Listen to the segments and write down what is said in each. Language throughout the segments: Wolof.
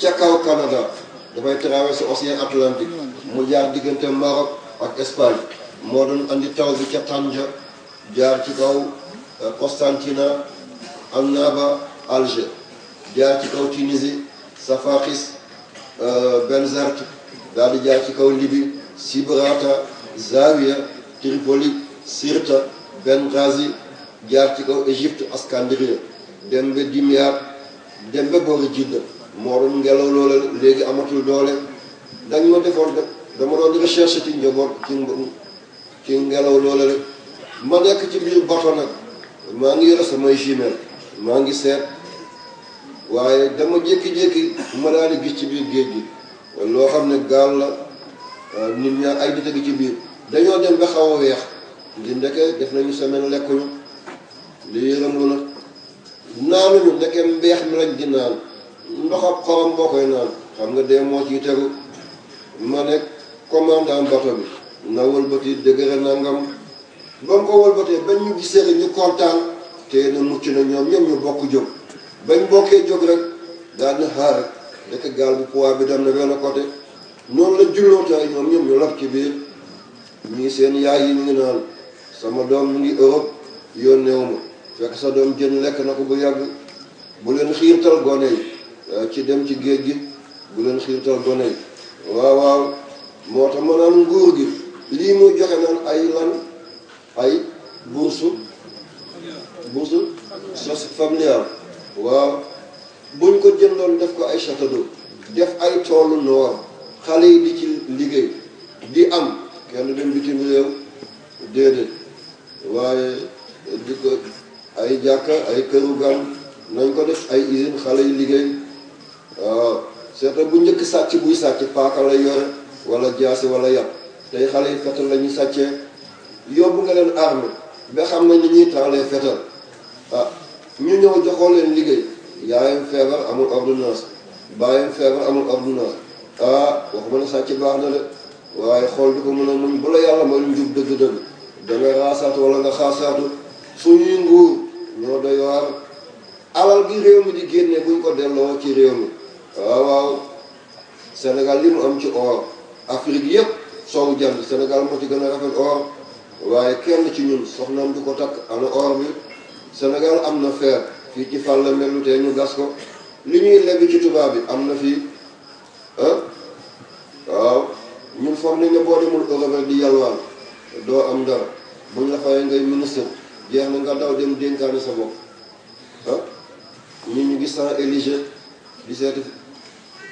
ca kaw Canada dafay traversé océan Atlantique mu jaar diggante Maroc ak Espagne moo doon andi taw bi ca Tanja jaar ci kaw euh, Constantina Annaba Alger jaar ci kaw Tunisie Safakis euh, Benzerte daal di jaar ci kaw Libye Sibrata Zawiya Tripoli Sirta Benghazi jaar ci kaw Égypte Askandria dem ba Dimyat dem ba boori Jidda moorum ngelaw loola léegi amatul doole dañ ma defoon rek dama doon recherche ci njaboot ci ci ngelaw loole rek ma nekk ci biir bato nag maa ngi yore samay jumelle maa ngi seet waaye dama jékki-jékki ma naa di gis ci biir géej gi loo xam ne gaal la ah, nit ñaa ay nit a ci biir dañoo dem ba xaw a weex di ndeke def nañu semaine lekkuñu li yëram lu na naanuñu ndeke mbeex mi lañ di naan ndoxab xorom boo koy naan xam nga dee moo ciy tegu ma ne commandant bato bi na wëlbati dëgëra nangam ba mu ko wëlbatee bañ ñu gisee rek ñu kontaan te na mucc na ñoom ñoom ñu bokk jóg bañ bokkee jóg rek daal na xaar rek dëkk gaal bu poids bi dem na benn côté noonu la jullootaay ñoom ñoom ñu laf ci biir ñii seen yaay yi ñu ngi naan sama doom mu ngi Europe yónneewu ma fekk sa doom jën lekk na ko bu yàgg bu leen xiirtal gone yi Euh, ci dem ci géej gi bu leen xiirtal gone yi waaw waaw moo tax ma naan nguur gi lii muy joxe naan ay lan ay bourse bourse sos familial waaw buñ ko jëndoon def ko ay château d'eau def ay toolu noor xale yi di ci liggéey di am kenn dem bitim réew déedéet waaye di ko ay jàkka ay këru gan nañ ko def ay usine xale yi liggéey waaw seeta bu njëkk sàcc buy sàcc paaka la yore wala jaasi wala yàpp tey xale yi fetal la ñu sàccee yóbbu nga leen arme ba xam ne ni ñuy taalee fetal ah ñu ñëw joxoo leen liggéey yaayam feebar amul ordonnance baayam feebar amul ordonnance ah waxuma ne sàcc baax na de waaye xool du ko mën a muñ bu la yàlla mooy lu njub dëgg-dëgg da nga raasaatu wala nga xaasaatu suñuy nguur ñoo doy waar alal gi réew mi di génne buñ ko delloo ci réew mi waaw waaw Sénégal li mu am ci or Afrique yëpp soowu jant Sénégal moo ci gën a rafet or waaye kenn ci ñun soxnaam du ko takk ana or bi Sénégal am na fer fii ci fàll melu te ñu gas ko li ñuy lebi ci tubaab bi am na fii ah waaw ñun foog nañ ne doo am dara buñ la fayee ngay jeex na nga daw dem dénkaane sa bopp ah ñu gis sans éligé di seeti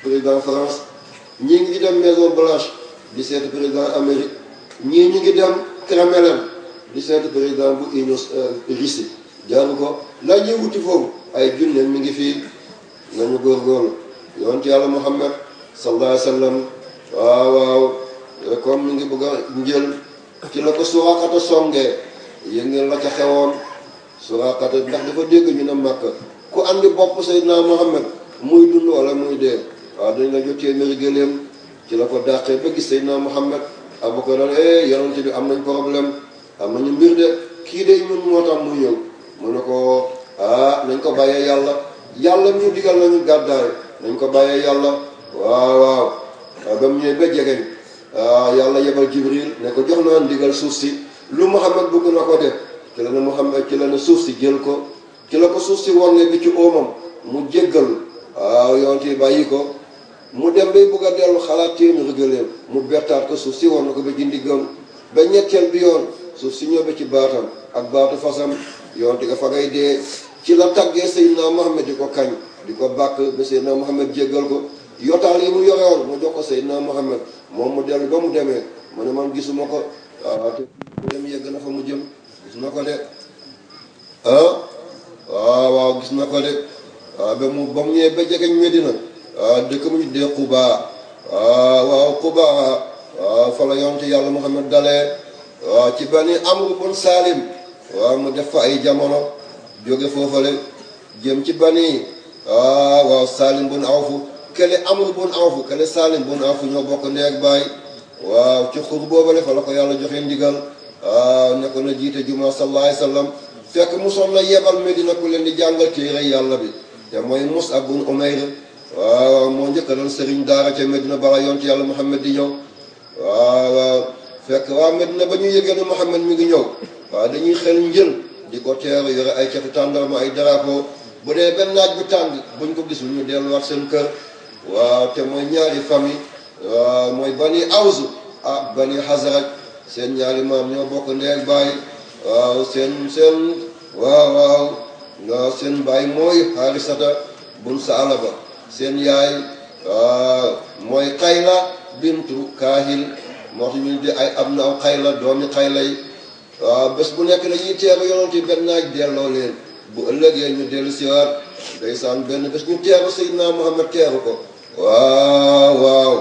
président France ñi ngi dem Maison Blanche di seet président Amérique ñi ñi ngi dem Kremlin di seet président bu Union euh, Russie jaaru ko la ñi wuti fofu ay jullé mi ngi fii nañu gor yoon ci Allah Muhammad sallallahu alayhi Wasallam, waaw waaw comme eh, mi ngi bëgg ñël njël ci la ko songé songee yëngal la ca xewoon Suraqata ndax dafa dégg ñu na makk ku andi bop Seydina Muhammad muy dund wala muy dee waaw dañ la jot ci mari gëléem ci la ko dàqee ba gis Seydina Muhammad Abubakar eh yonent bi am nañ problème am nañu mbir de kii de ñun moo tax muy ñëw mu ne ko ah nañ ko bàyyee yàlla yàlla ñu digal nañu gàddaay nañ ko bàyyee yàlla waaw waaw ba mu ñëwee ba jegeñ ah, yàlla yebal Jibril ne ko jox naa ndigal suuf si lu Muhammad bëgg na ko def ci la ne Muhammad ci la ne suuf si jël ko ci la ko suuf si wàññi bi ci oomam mu jéggal waaw yonent bi ko. mu dem bay bëgg a xalaat xalaat ñu gëléem mu bettaat ko suuf ci woon ko ba jindi gëm ba ñettal bi yoon suuf ci ñëw ba ci baatam ak baatu fasam yoon di nga fa ngay dee ci la tàggee Seydina muhammad diko kañ diko bakk ba Seydina jéggal ko yotaal yi mu yorewoon mu jox ko Seydina muhammad moom mu dellu ba mu demee mu ne man gisuma ko ah, te mu dem yegg na fa mu jëm ah? Ah, gis na ko de ah waaw waaw gis na ko de ba mu ba mu ñëwee ba jegeñ Medina Ah, dëkk bu ñu dee Quba ah, waaw Quba ah, fa la yonte yàlla Muhammad dalee waaw ci bani Amru bun Salim waaw mu def fa ay jamono jóge foofale jëm ci bani waaw Salim bun Awfu kële Amru bun Awfu kële Salim bun Awfu ñoo bokk ndee baay waaw ci xur boobale fa la ko yàlla joxe ndigal waaw ne ko na jiite juma sallallahu alayhi wa sallam fekk musoon la yebal Medina ku leen di jàngal téere yàlla bi te mooy Mus'ab bun Umayr waaw moo njëkk doon sëriñ daara ca Medina bara yoon ci yàlla Muhammad di ñëw waaw fekk waa Medina ba ñu yëgee ne Muhammad mi ngi ñëw waaw dañuy xel njël di ko teeru yore ay catu tàndarma ay drapeau bu dee benn naaj bu tàng buñ ko gis ñu delluwaat seen kër waaw te mooy ñaari famille waaw mooy bani awsu ah bani xasaraj seen ñaari maam ñoo bokk ndeeg bàyyi waaw seen seen waaw waaw seen bàyyi mooy xaarisata bun saalaba seen yaay euh, mooy xayla bintu kaahil moo ñu di am na aw xayla doomi xayla yi waaw euh, bés bu nekk dañuy teeru yonent yi benn naaj delloo leen bu ëllëgee ñu dellu siwaat ndeysaan benn bés ñu teeru Seydina Muhammad teeru ko waaw waaw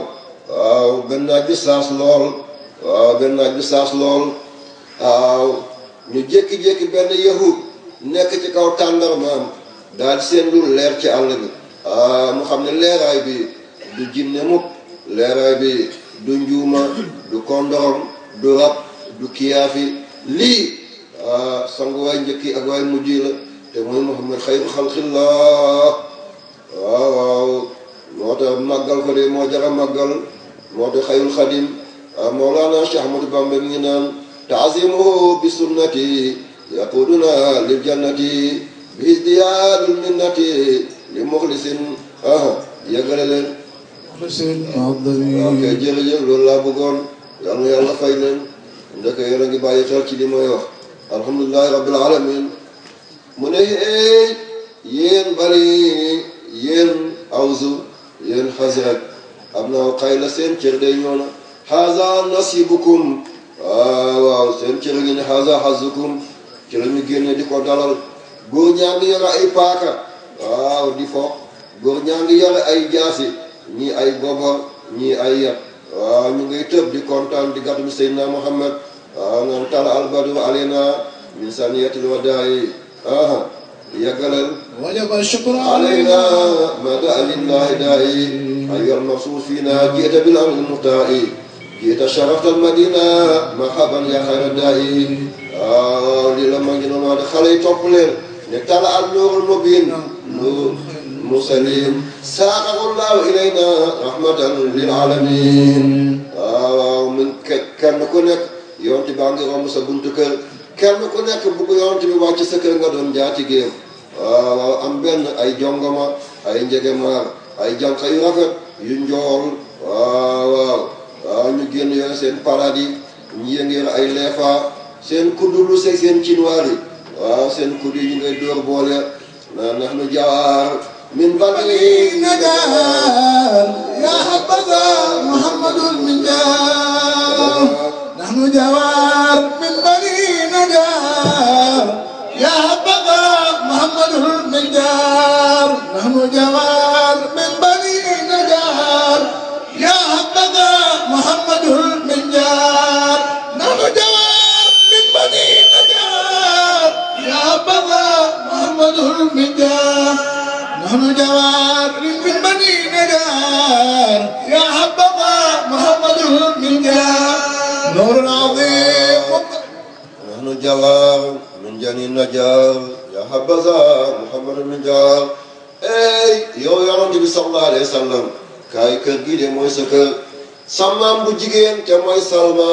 waaw benn naaj bi saas lool waaw benn naaj bi saas lool waaw ñu jékki-jékki benn yahud nekk ci kaw tàndarmaam daal seen lu leer ci àll bi Ah, mu xam ne leeraay bi du jinne mukk leeraay bi du njuuma du kondorom du rab du kiyaafi lii ah, sangu waay njëkk ak waay mujj yi la te mooy Muhammad xayru xalqillah waaw waaw moo tax màggal ko de moo jara màggal moo tax xayrul xadim ah, Mawlana Cheikh Ahmadou mi ngi naan taazimuhu bi sunnati yaquduna lil jannati bi izdiyaadil minnati li muxlisin ah, yëgale leen ah, ok jërëjëf loolu laa bëggoon yal na fay leen ndeke yéen a ngi bàyyi xel ci li may wax alhamdulilahi rabbil mu ne éey yéen bari yéen awsu yéen xasraj am na xay seen cër day ñoo na xaza nasibukum waaw ah, waaw seen cër gi ne xaza xazukum ci la ñu génne di ko dalal góor ñaa ngi yor ay paaka waaw di fo góor ñaa ngi yore ay jaasi ñii ay gobor ñii ay yat waaw ñu ngay tëb di kontaan di gàttum Seydina Muhammad waaw naan tala albadru aleyna min saniyatil wadaayi aha yàggalal wajaba shukru aleyna mada lillahi daayi ayyuha almabsuus fiina jiita bil amri muhtaayi jiita sharafta almadina marhaban yaa xayra daayi waaw lii la ma ngi noonu wax ne xale yi topp leen tala al nuurul mubiin نور المرسلين ساقه الله إلينا رحمة للعالمين waaw man kenn ku nekk yonent baa ngi romb sa buntu kër kenn ku nekk bu ko yonent bi wàcc sa kër nga doon jaatigeem waaw am benn ay jongoma ay njegemaar ay jànq yu rafet yu njool waaw waaw génn yore seen paradis ñu yëngeel ay leefa seen kuddu seen cinwaar yi waaw seen kuddu yi ñu ngay dóor boole نحن جوار من بني ندان يا حبذا محمد من المنجان نحن جوار من بني ندان يا حبذا محمد من جار نحن جوار نحن جوار من بني نجار يا حبذا محمد من جار نور عظيم نحن جوار من جنين نجار يا حبذا محمد من جار ey yow yonent bi sallallahu alayhi wa sallam kaay kër gii de mooy sa kër samaam bu jigéen te mooy salma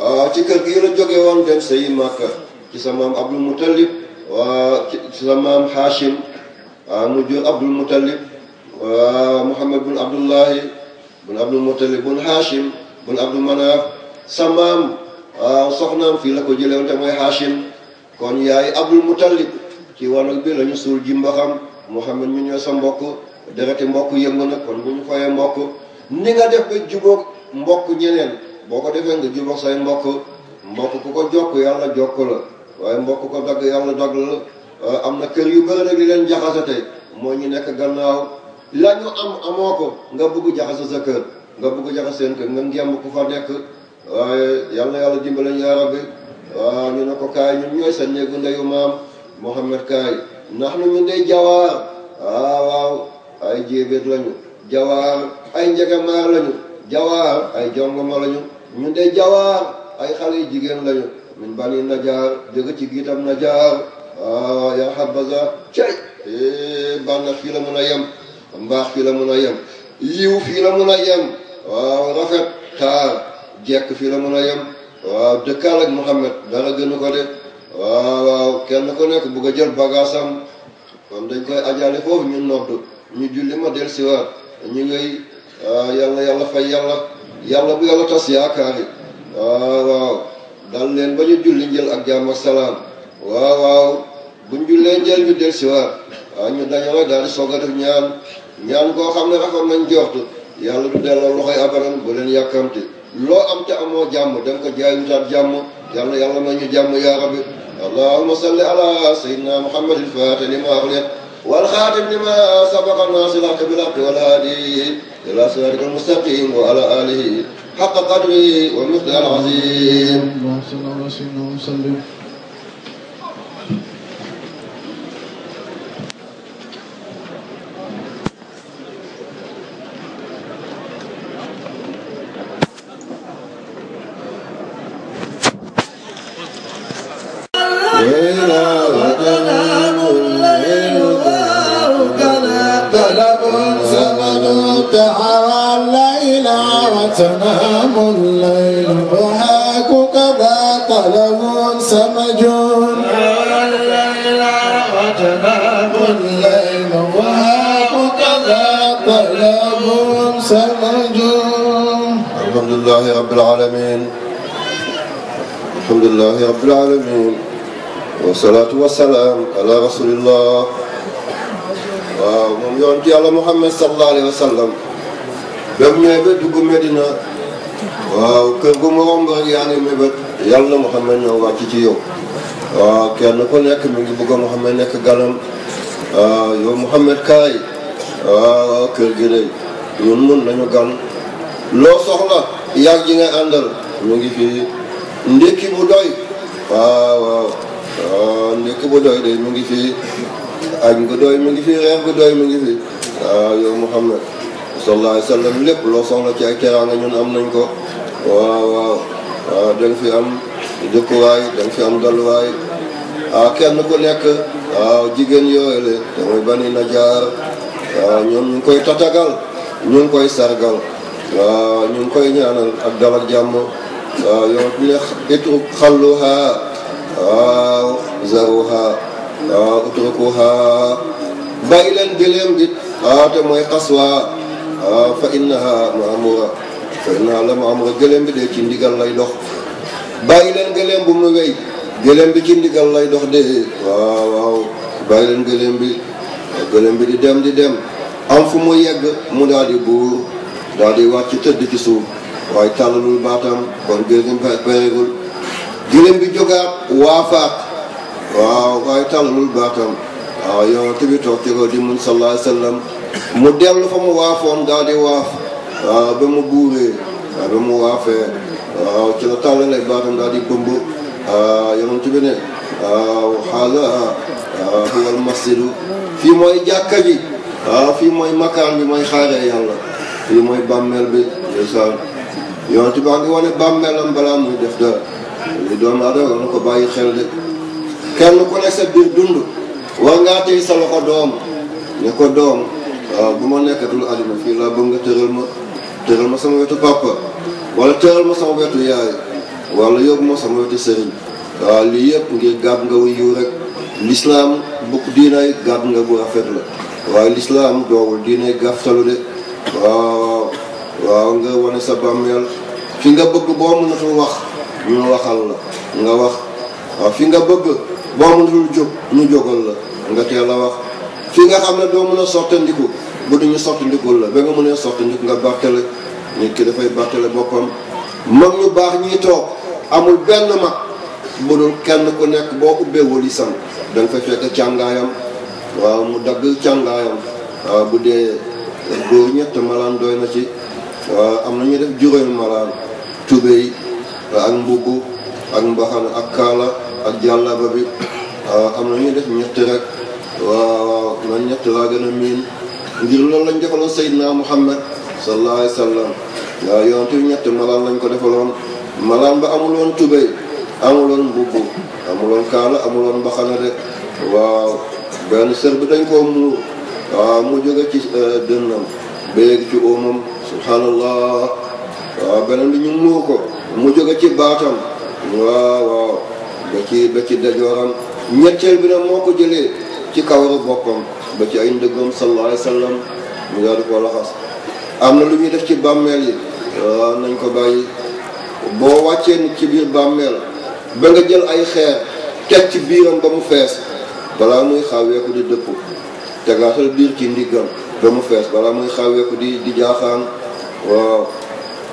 waaw ci kër gii la jóge woon dem sëyi màkka ci sa maam abdul mutalib waaw ci sa maam hashim Ah, mu abdul muttalib ah, muhammad bin abdullahi bin abdul muttalib bin hashim bin abdul manaf samam ah, soxnaam fii la ko jëlee won hashim kon yaay abdul muttalib ci walu bi lañu sul ji muhammad mi ñoo sa mbokk dereti mbokk yëngu na kon buñu fayé mbokk ni nga def ba jubok mbokk ñeneen boko ko nga jubok say mbokk mbokk ku ko jokk yalla jokk la waye mbokk ko dag yalla dag la Euh, am na kër yu bëri nag li leen jaxase tey mooy ñu nekk gannaaw la ñu am amoo ko nga bugg jaxase sa kër nga bugg jaxase seen kër nga ngemb ku fa nekk waaye yal yàlla dimbale ñu yaa rabbi waaw ñu ne ko kaay ñun ñooy sa néegu ndeyu maam Mouhamed kaay ndax nu ñu dey jawaar waaw ah, waaw ay jéebéet lañu jawaar ay njegemaar lañu jawaar ay jongoma lañu ñu dey jawaar ay xale yu jigéen lañu min bani najaar jóge ci giitam najaar waaw ah, yaa xabaza cay eh, baax fii la mën a yem mbaax fii la mun a yem yiw fii la mun a yem waaw rafet taar jekk fii la mun a yem waaw dëkkaal ak Muhammad dara gënu ko de waaw waaw kenn ku nekk bugg a jël bagaasam kon dañ koy ajaale foofu ñu nodd ñu julli ma del siwaat ñu ngay ah, yàlla yàlla fay yàlla yàlla bu yàlla tas yaakaar waaw waaw dal leen ba ñu julli njël ak jàmm ak salaam waaw waaw buñ jullee njël bi del si waat waaw ñu dañoo daal di soog a def ñaan ñaan koo xam ne rafet nañ joxtu yàlla du delloo loxoy abaran bu leen yàkkamti loo am te amoo jàmm dem ko jaay wutaat jàmm yàlla yàlla may ñu jàmm yaa rabbi allahumma salli ala sayyidina muhammadil faatih lima ughliq wal xaatim lima sabaqa naasiril haqqi bil haqqi wal haadi ilaa siraatikal mustaqiim wa ala aalihi haqqa qadrihi wa miqdaarihil aziim تنام الليل ضحاكك باطله سمج وتنام الليل سمج الحمد لله رب العالمين الحمد لله رب العالمين والصلاة والسلام على رسول الله ومن يوم على محمد صلى الله عليه وسلم ba mu ñëwee dugg Medina waaw kër gu ma romb rek yaa ngi mébét yàlla Muhammad ñoo wàcc ci yow waaw kenn ko nekk mi ngi bëgg a Muhammad nekk ganam waaw yow Muhammad kaay waaw kër gi day ñun mun nañu gan loo soxla yàgg ji nga àndal ñu ngi fii ndékki bu doy waaw waaw ndékki bu doy day mu ngi fi añ gu doy mu ngi fii reer gu doy mu ngi fii waaw yow Muhammad sallallahu alayhi lépp loo soxla ci ak teraanga ñun am nañ ko waaw waaw waaw ah, fi am dëkkuwaay da fi am dalluwaay ah, kenn ku nekk waaw ah, jigéen yooyu la te mooy bani najaar waaw ñoom ñu koy tatagal ñu koy sargal waaw ñu ngi koy ñaanal ak dal jàmm waaw yow ne itruk xalluha waaw zaruha waaw leen gëléem gi te mooy xaswa ah fa innaha maamura fa innaha la maamura gëléem bi de ci ndigal lay dox bàyyi leen gëléem bu mu wéy gëléem bi ci ndigal lay dox de waaw waaw bàyyi leen gëléem bi gëléem bi di dem di dem am fu mu yegg mu daal di buur daal di wàcc tëdd ci suuf waaye tàllalul baatam kon gëléem paregul gëléem bi jógaat waafaat waaw waaye tàllalul baatam waaw yonent bi toog ci ko di muñ sallallahu alayhi wa mu dellu fa mu waafoon daal di waaf waaw ah, ba mu buuree waaw ah, ba mu waafee waaw ah, ci la tàllalee baatam daal di bëmb yonent bi ne waaw xaala huwal masjidu fii mooy jàkka ji waaw fii mooy makaan bi mooy xaaree yàlla fii mooy bàmmeel bi ndeysaan yonent baa ngi wane bàmmeelam balaa muy def dara li doon adama ko bàyyi xel de kenn ku nekk sa biir dund war ngaa tey sa loxo doom ne ko doom waaw bu ma nekkatul àddina fii laa bëgg nga tëral ma tëral ma sama wetu papa wala tëral ma sama wetu yaay wala yóbbu ma sama wetu sëriñ waaw lii yëpp ngir gàdd nga wu yiw rek lislaam bu diinay gàdd nga bu rafet la waaye lislaam doowul diinay gàftalu de waaw waaw nga wane sa bàmmeel fi nga bëgg boo mënatul wax ñu waxal la nga wax waaw fi nga bëgg boo mënul jóg ñu jógal la nga teel a wax fii nga xam ne doo mën a sottandiku bu ñu sottindiku la ba nga mënee sottandiku nga bartale nit ki dafay bartale boppam mag ñu baax ñiy toog amul benn mag bu dul kenn ku nekk boo ubbee walisam da nga fay fekk càngaayam waaw mu dagg càngaayam waaw bu dee góor ñett malaan doy na ci waaw am na ñu def juróomi malaan tubéy ak mbubb ak mbaxana ak kaala ak jàllaba bi ah, am na ñuy def ñetti rek waaw waaw ñett laa gën a miin ngir loolu lañ defaloon Seydina Muhammad sallallahu alayhi wa sallam waaw yonent ñett malaan lañ ko defaloon malaan ba amuloon tubéy amuloon mbubb amuloon kaala amuloon mbaxana de waaw benn sër bi dañ koo muur waaw ah, mu jóge ci eh, dënnam ba yegg ci óomam subhanallah waaw ah, beneen bi ñu muur ko mu jóge ci baatam waaw waaw ba ci ba ci dajooram ñetteel bi nag moo ko jëlee ci kawaru boppam ba ci ay ndëggam sallallahu alayhi wa sallam mu di ko laxas am na lu ñuy def ci bàmmeel yi waaw ah, nañ ko bàyyi boo wàccee nit ci biir bàmmeel ba nga jël ay xeer teg ci biiram ba mu fees balaa muy xaweeku di dëpp tegaatal biir ci ndiggam ba mu fees balaa muy xaweeku di di jaaxaan waaw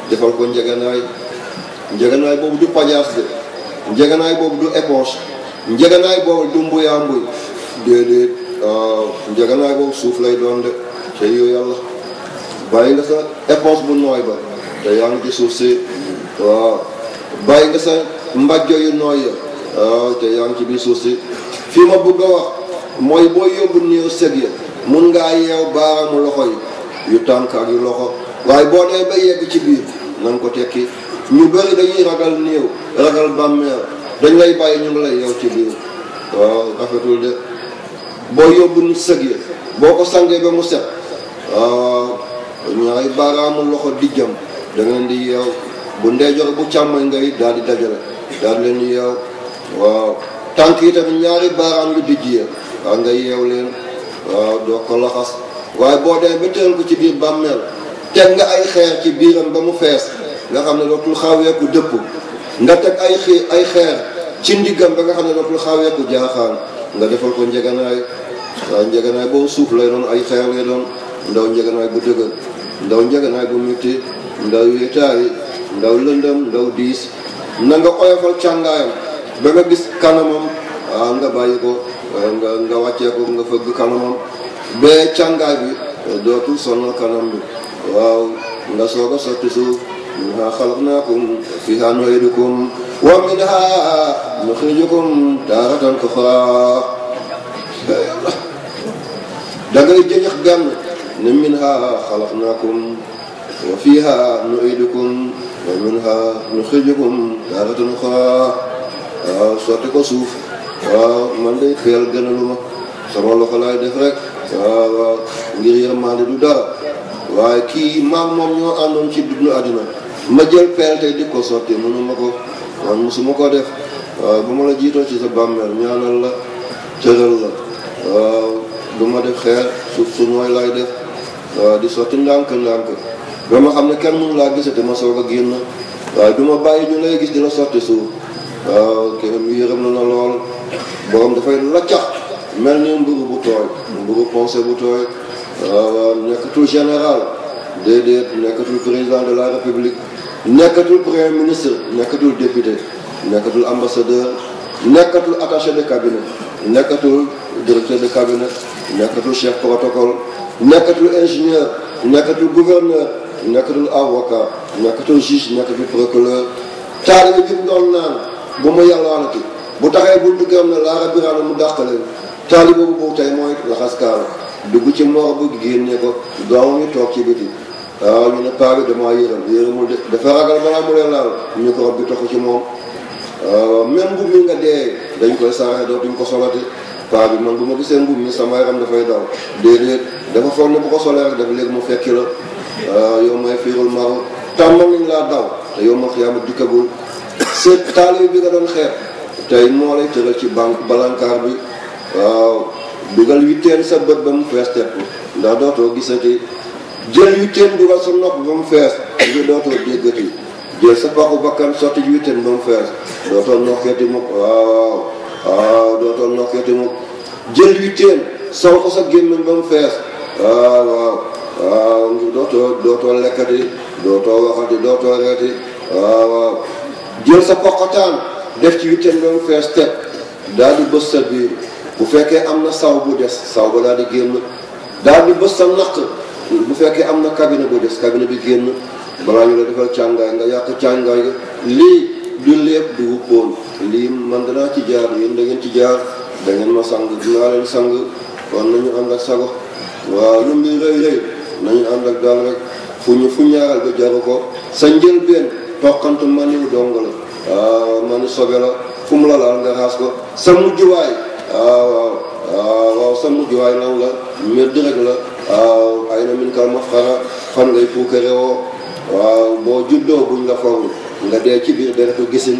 defal ko njeganaay njeganaay boobu du pajaas de njeganaay boobu du éponge njeganaay boobu du mbuyaa mbuy déedéet njeganaay boobu suuf lay doon de te yow yàlla bàyyi nga sa éponge bu nooy ba te yaa ngi suuf si waaw bàyyi nga sa mbajjo suuf si fii ma bëgg a wax mooy boo yóbbu néew sëg ya mun ngaa yeew baaraamu loxo yi yu tànk yu loxo waaye boo dee ba yegg ci biir na ko tekki ñu bari dañuy ragal néew ragal bàmmeel dañ lay bàyyi ñu ngi lay yow ci biir waaw rafetul de boo yóbbu nit sëg yi boo ko sangee ba mu set waaw ñaari baaraamu loxo dijjam da ngeen di yow bu ndeejoor bu càmmoñ ngay daal di dajale daal di leen yeew waaw tànk yi tamit ñaari baaraam lu dijj yi waaw nga yeew leen waaw doo ko laxas waaye boo dee ba tëral ko ci biir bàmmeel teg nga ay xeer ci biiram ba mu fees nga xam ne dootul xaaweeku dëpp nga teg ay xii ay xeer ci ndiggam ba nga xam ne dootul xaaweeku jaaxaan nga defal ko njeganaay waaw njeganaay boobu suuf lay doon ay xeer lay doon ndaw njeganaay bu dëgër ndaw njeganaay bu métti ndaw yéetaay ndaw lëndëm ndaw diis na nga oyofal càngaayam ba nga gis kanamam waaw nga bàyyi ko nga nga wàccee ko nga fëgg kanamam bee càngaay bi dootul sonal kanam bi waaw nga soog a sotti suuf منها خلقناكم وفيها نعيدكم ومنها نخرجكم تارة أخرى دقي جيخ قام منها خلقناكم وفيها نعيدكم ومنها نخرجكم تارة أخرى sotti ko suuf waaw man day feel gënaluma sama loxo laay def rek waaw waaw ngir yërmande du dara waaye kii maam moom ñoo àndoon ci dund àddina ma jël peel tey di ko sotti mënuma ko man ma ko def waaw euh, bu ma la jiitoo ci sa bàmmeel ñaanal la cëral la waaw euh, du ma def xeer suuf su nooy laay def waaw euh, di sotti ndànk ndànk ba ma xam ne kenn mënu laa gisate ma soog a génn waaye du bàyyi ñu lay gis di la sotti suuf waaw kenn yërëm na na lool borom dafay laccax mel ni mburu bu tooy mburu poncé bu tooy waaw nekkatul général déedéet nekkatul président de la république nekkatul premier ministre nekkatul député nekkatul ambassadeur nekkatul attache de cabinet nekkatul directeur de cabinet nekkatul chef protocole nekkatul ingénieur nekkatul gouverneur nekkatul avocat nekkatul juge nekkatul procureur taalibe bi mu doon naan bu ma yàlla waxati bu taxee buntu këram ne laara biraana mu dàqaleen taalibe boobu tey mooy laxas kaala dugg ci noor bu génnee ko doomam toog ci biti waaw ñu ne paa bi damaa yëram yëramul de dafa ragal balaa mu leen laal ñu ko bi taxu ci moom waaw même bu mi nga dee dañ koy saraxe dootuñ ko solati paa bi man bu ma gisee ngum mi sama yaram dafay daw déedéet dafa foog ne bu ko solee rek dafa léegi mu fekki la waaw yow may fiirul maru tàmmal nañ laa daw te yow ma xiyaama dikkagul seet taalibi bi nga doon xeet tey moo lay tëral ci banque balankaar bi waaw dugal witteen sa bët ba mu fees tepp ndax dootoo gisati jël huitaine dugal sa nopp ba mu fees nga dootoo déggati jël sa paxu bakkan sotti huitaine ba mu fees dootoo nokkati mukk waaw jël huitaine saw ko sa gémmiñ ba mu fees waaw waaw waaw dootoo dootoo lekkati dootoo waxati dootoo reeti waaw waaw jël sa poqataan def ci huitaine ba mu fees teg daal di bës sa biir bu fekkee am na saw bu des saw ba daal di génn daal di bës sa naq bu fekkee am na cabine bu des cabine bi génn balaa ñu la defal càngaay nga yàq càngaay ga lii du lépp du wuppoon lii man danaa ci jaar yéen dangeen ci jaar da ngeen ma sang dinaa leen sang kon nañu am ak sago waaw lu muy rëy rëy nañu ànd ak daal rek fu ñu fu ñaaral ba jaru ko sa njëlbeen toqantu maniw dong la waaw mani sobe la fu mu la laal nga xaas ko sa mujjuwaay waaw waaw sàmm jiwaay law la medd rek la waaw ay na min ka mafxara ngay puukare waaw boo juddoo buñ la foog nga dee ci biir de deretu gisin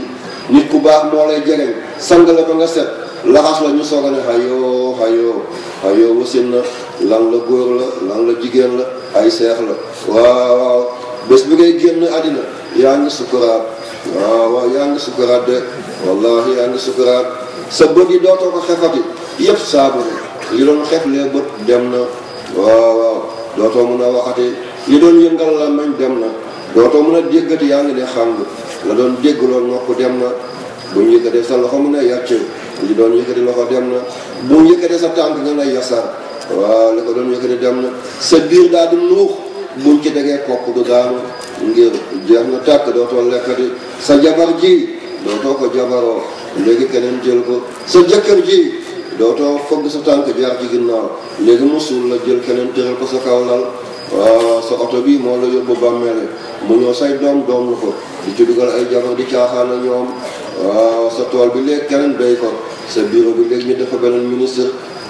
nit ku baax moo lay jegeñ sang la ba nga set laxas la ñu soog a ne xayoo xayoo xayoo wasin na lan la góor la lan la jigéen la ay seex la waaw bés bi ngay génn àddina yaa ngi sukuraat waaw waaw yaa ngi sukuraat de wallahi yaa ngi sukuraat sa bët yi dootoo ko xefati yëpp saabu la li doon xeflee bët dem na waaw waaw dootoo mun a waxati li doon yëngal la mañ dem na dootoo mun a déggati yaa ngi ne xam la doon déggloon nopp dem na bu ñu yëkkatee sa loxo mun a yàcc li doon yëkkati loxo dem na bu ñu yëkkatee sa tànk nga ne yasar waaw li ko doon yëkkati dem na sa biir daa di nuux buñ ci degee kopp du daanu ngir jeex na tàkk dootoo lekkati sa jabar ji dootoo ko jabaroo léegi keneen jël ko sa jëkkër ji dootoo fogg sa tànk jaar ci ginnaaw léegi mu suul la jël keneen tëral ko sa kaw lal sa oto bi moo la yóbbu bàmmeele mu ñëw say doom doom lu ko di ci dugal ay jabar di caaxaan ñoom sa tool bi léegi keneen béy ko sa bureau bi léegi ñu def beneen ministre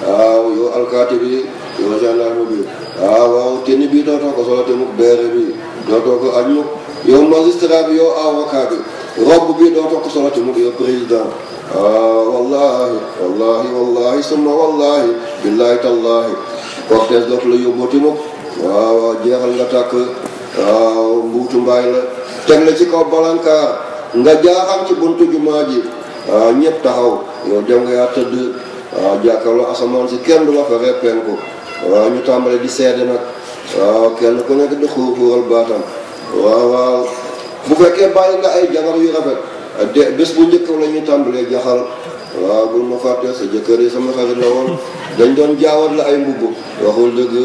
waaw yow alkaati bi yow gendarme bi waaw waaw tenue bi dootoo ko solo te mu beere bi dootoo ko aj mukk yow magistrat yow avocat robb bi doo tokk solo ci mukk yow président ah wallahi wallahi wallahi summa wallahi billahi tallahi cortège dootu la yóbbooti mukk waaw waaw jeexal nga tàkk mbuutu mbaay la teg la ci kaw balankaar nga jaaxam ci buntu jumaa ji waaw ah, ñëpp taxaw yow dem nga yaa tëdd waaw ah, asamaan si kenn du wax reppeen ko waaw ñu tàmbale di seede nag waaw kenn ku nekk di xuur baatam waaw waaw bu fekkee bàyyi nga ay eh, jabar yu rafet de bés bu njëkk la ñu tàmbalee jaxal waaw bul ma fàtte sa jëkkër yi sama xarit la woon dañ doon jaawat la ay mbubb waxul dëgg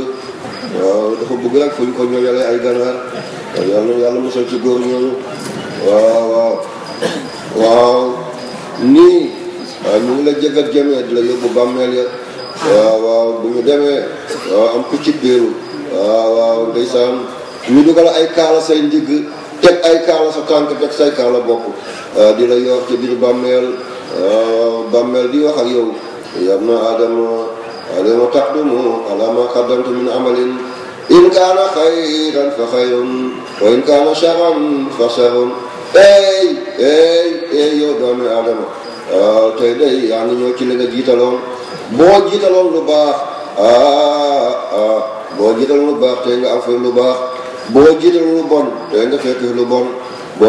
waaw dafa bëgg rek fuñ ko ñooñalee ay ganaar yàlla yàlla mosal ci góor ñooñu waaw waaw waaw nii waaw ah, ñu ngi la jëmee di la yóbbu bàmmeel ya waaw ya, waaw bu ñu demee am ku ci biiru waaw waaw ndeysaan ñu dugal ay kaala say ndigg teg ay kaala sa tànk teg say kaala di la yor ci biir bàmmeel eh, bàmmeel di wax ak yow yam ya, na aadama aadama taqdumu ala ma qaddamtu min amalin in kaana xayran fa xayrun wa in kaana charan fa charun ey ey ey yow eh, doomi aadama tey day yaa ngi ñëw ci li nga jiitaloon boo jiitaloon lu baax ah ah boo jiitaloon lu baax tey nga am fa lu baax boo jiital lu bon doy nga fekk lu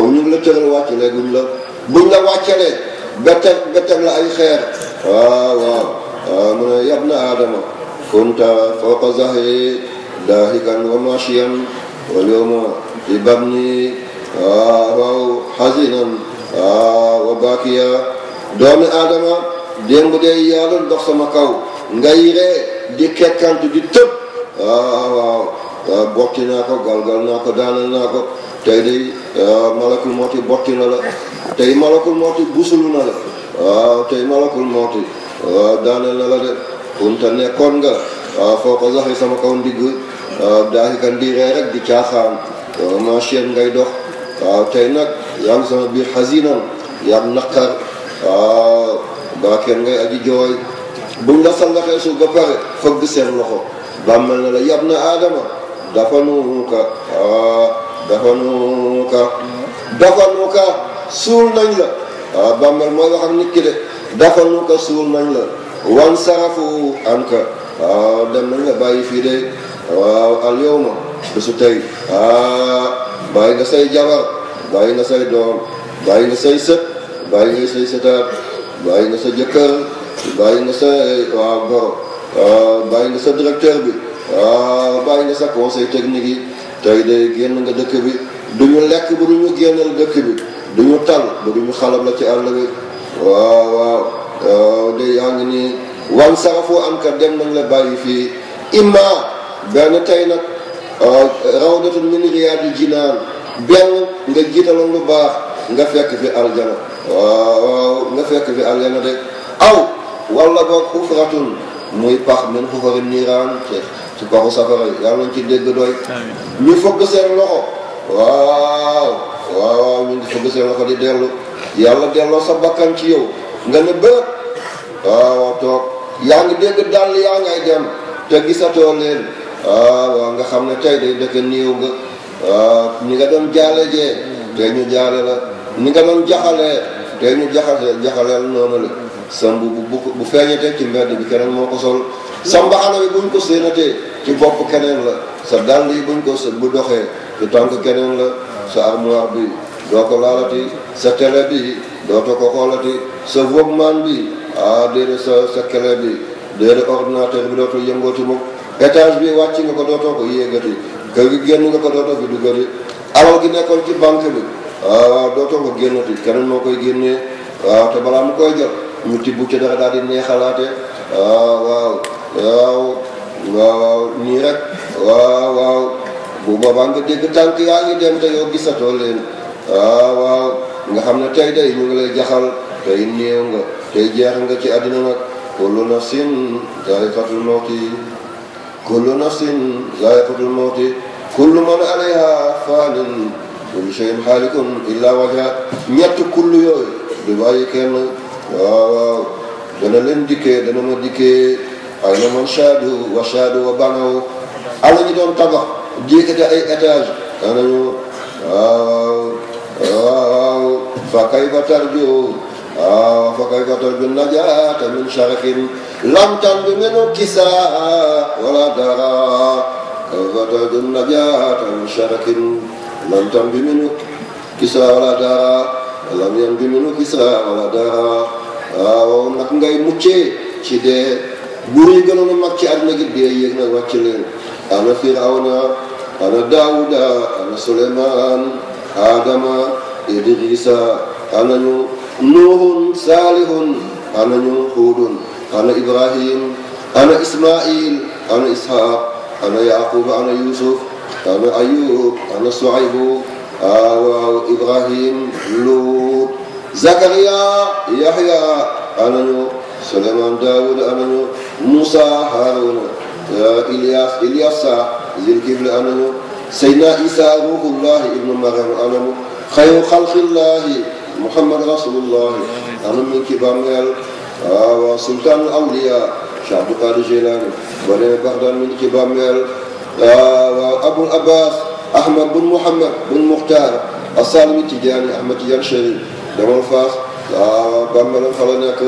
ñu ngi la tëral wàcc léeguñ la buñ la wàccalee xeer waaw waaw waaw mu ne kunta fawqa zahri daahikan wa machiyan wal yawma ci batni waaw hazinan wa bakiya doomi aadama démb dee yàlla sama kaw ngay ree di kekkant di tëb waaw waaw Euh, botti naa ko galgal naa ko daanal naa ko tey day euh, malakul mooti botti na la tey malakul mooti busulu na la waaw euh, tey malakul mooti waaw daaneel na la de kunta nekkoon nga foo ko saxi sama kaw ndigg daal kan di di caaxaan ma ngay dox waaw tey nag yaa sama biir xasiinam yaa naqar waaw baa ngay aji jooy buñ la sallaxee suuf ba fëgg seen loxo bàmmel na la yab na aadama dafanuuka ah dafanuuka dafanuuka suul nañ la ah bàmmeel mooy wax ak nit ki de suul nañ la wan sarafu anka waaw ah, dem nañ la bàyyi fii de waaw al yow ma bésu tey ah bàyyi nga say jabar doom bàyyi nga sët bàyyi nga sëtaat bàyyi nga sa jëkkër bàyyi nga say waaw goro ah, bi waaw ah, bàyyi nga sa conseil technique yi tey day génn nga dëkk bi duñu lekk bu duñu génnal dëkk bi duñu tal bu duñu xalab la ci àll bi waaw waaw de yaa ngi nii wan sax am ka dem nañ la bàyyi fii imma benn tey nag ah, rawdatun min riyaadi jinaan benn nga jiitaloon lu baax nga fekk fi aljana waaw waaw nga fekk fi aljana de aw wala boog xufratun muy pax min xufari niiraan ci goxu safara yàlla nañ ci dégg doy ñu fëgg seen loxo waaw waaw ñu ngi fëgg seen loxo di dellu yàlla delloo sa bakkan ci yow nga ne bërëb waaw toog yaa ngi dégg dàll yaa ngay dem te gisatoo leen waaw nga xam ne tey day dëkk néew nga waaw ni nga doon jaale jee te ñu jaale la ni nga doon jaxalee te ñu jaxale jaxaleel noonu la sambu bu bu feeñatee ci mbedd bi keneen moo ko sol sa mbaxana bi buñ ko séenatee ci bopp keneen la sa dàll yi buñ ko bu doxee ci tànk keneen la sa armoire bi doo ko laalati sa télé bi dooto ko xoolati sa vogman bi ah déedéet sa sa kele bi déedéet ordinateur bi dooto yëngooti moom étage bi wàcc nga ko dootoo ko yéegati kër gi génn nga ko dootoo fi duggati alal gi nekkoon ci banque bi ah dootoo ko génnati keneen moo koy génnee waaw te balaa mu koy jot ñu tibb ci dara daal di neexalaate waaw waaw waaw waaw waaw nii rek waaw waaw bu boobaa nga dégg tànk yaa ngi dem te yow gisatoo leen waaw waaw nga xam ne tey day ñu ngi lay jaxal tey néew nga tey jeex ci àddina nag kullu nafsin zaa'iqatul mawti kullu nafsin zaa'iqatul mawti kullu man alayha faanin kullu shay'in haalikun illa wajha ñett kullu yooyu du bàyyi kenn waaw waaw dana leen dikkee dana ma dikkee ay na man shaadu wa shaadu wa banaw ala ñu doon tabax jiite ay étage anañu waaw waaw fa kayfa tarju waaw fa kayfa tarju najaata min sharafin lam tandu minu kisaa wala dara kayfa tarju najaata min sharafin lam tandu minu kisaa wala dara lam yan bi minu gisa wala dara ah, waaw oh, nag ngay muccee ci dee buur yi gënoon a mag ci àdduna gi na wàcc leen ana firawna ana daawuda ana suleymaan adama idrisa ana ñu nuuhun saalihun ana ñu huudun ana ibrahim ana ismail ana ishaq ana yaquba ana yusuf ana ayub ana suaybu وإبراهيم لوط زكريا يحيى انا سليمان داود انا موسى هارون إلياس إلياس ذي الكبل انا سيدنا عيسى روح الله ابن مريم انا خير خلق الله محمد رسول الله أنا من كبار وسلطان الأولياء شعب قادر جيلاني بني بغداد من كبار وأبو العباس Ahmad bun Mouhamed bun Muxtaar Asaalmi Tijaani Ahmad Tijaan Chérif demal Faas waaw Bambala fa la nekk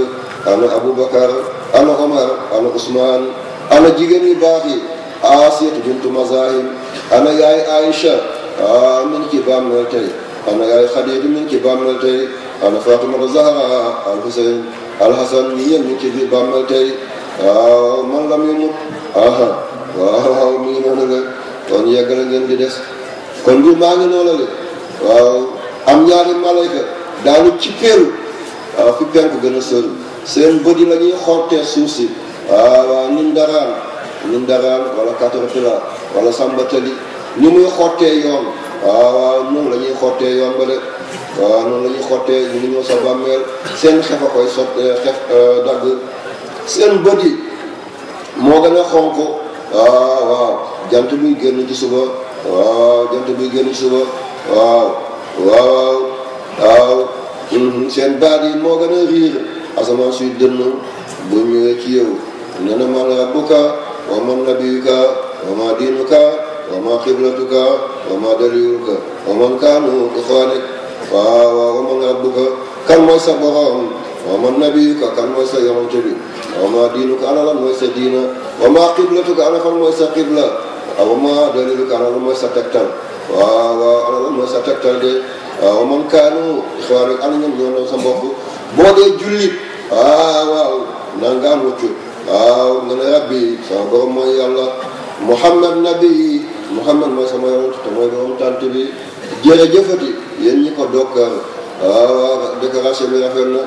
ana Aboubacar ana Omar ana Ousmane ana jigéen yu baax yi Asiyatu bintu Mazahim ana yaay Aïcha waaw mi ngi ci bàmmeel tey ana yaay Xadiija mi ngi ci bàmmeel tey ana Fatimatu Zahra al Huseyn al Hasan ñi ñëpp ñu ngi ci biir bàmmeel tey waaw man la muy mut aha waaw mi ngi noonu la kon di des kon lu maa ngi noonu la waaw am ñaari malayka daanu ci péeru waaw fi penku gën a sori seen bët yi la ñuy xottee suuf si waaw waaw nun daraan nun daraan wala xottee yoon moom la ñuy xottee yoon ba de waaw noonu la xottee ñu ñëw sa bàmmeel seen xef a koy sot xef euh, dagg seen bët yi moo gën a xonk waaw waaw jant buy génn ci suba Wow, jant bi génn suba wow wow wow seen sen yi moo gën a riir asamaan suy dënn bu ñëwee ci yow nee na buka rabbuka wa man nabiyuka wa ma diinuka wa ma xiblatuka wa ma Wow, wa man kaanu wa man rabbuka kan masa sa borom wa man nabiyuka kan masa sa mencuri, bi wa ma diinuka ana lan mooy sa diina wa ma xiblatuka fan sa awma dalilu kan awma mooy sa tegtal waaw waaw mooy sa tegtal de waaw man kaanu xewaaru ana ñoom ñoo doon sa mbokk boo dee jullit waaw waaw na nga am wëccu waaw nga ne rabbi sama borom mooy yàlla muhammad nabi muhammad mooy sama yonent te mooy borom tànt bi jërëjëfati yéen ñi ko dokkal waaw waaw décoration bi rafet na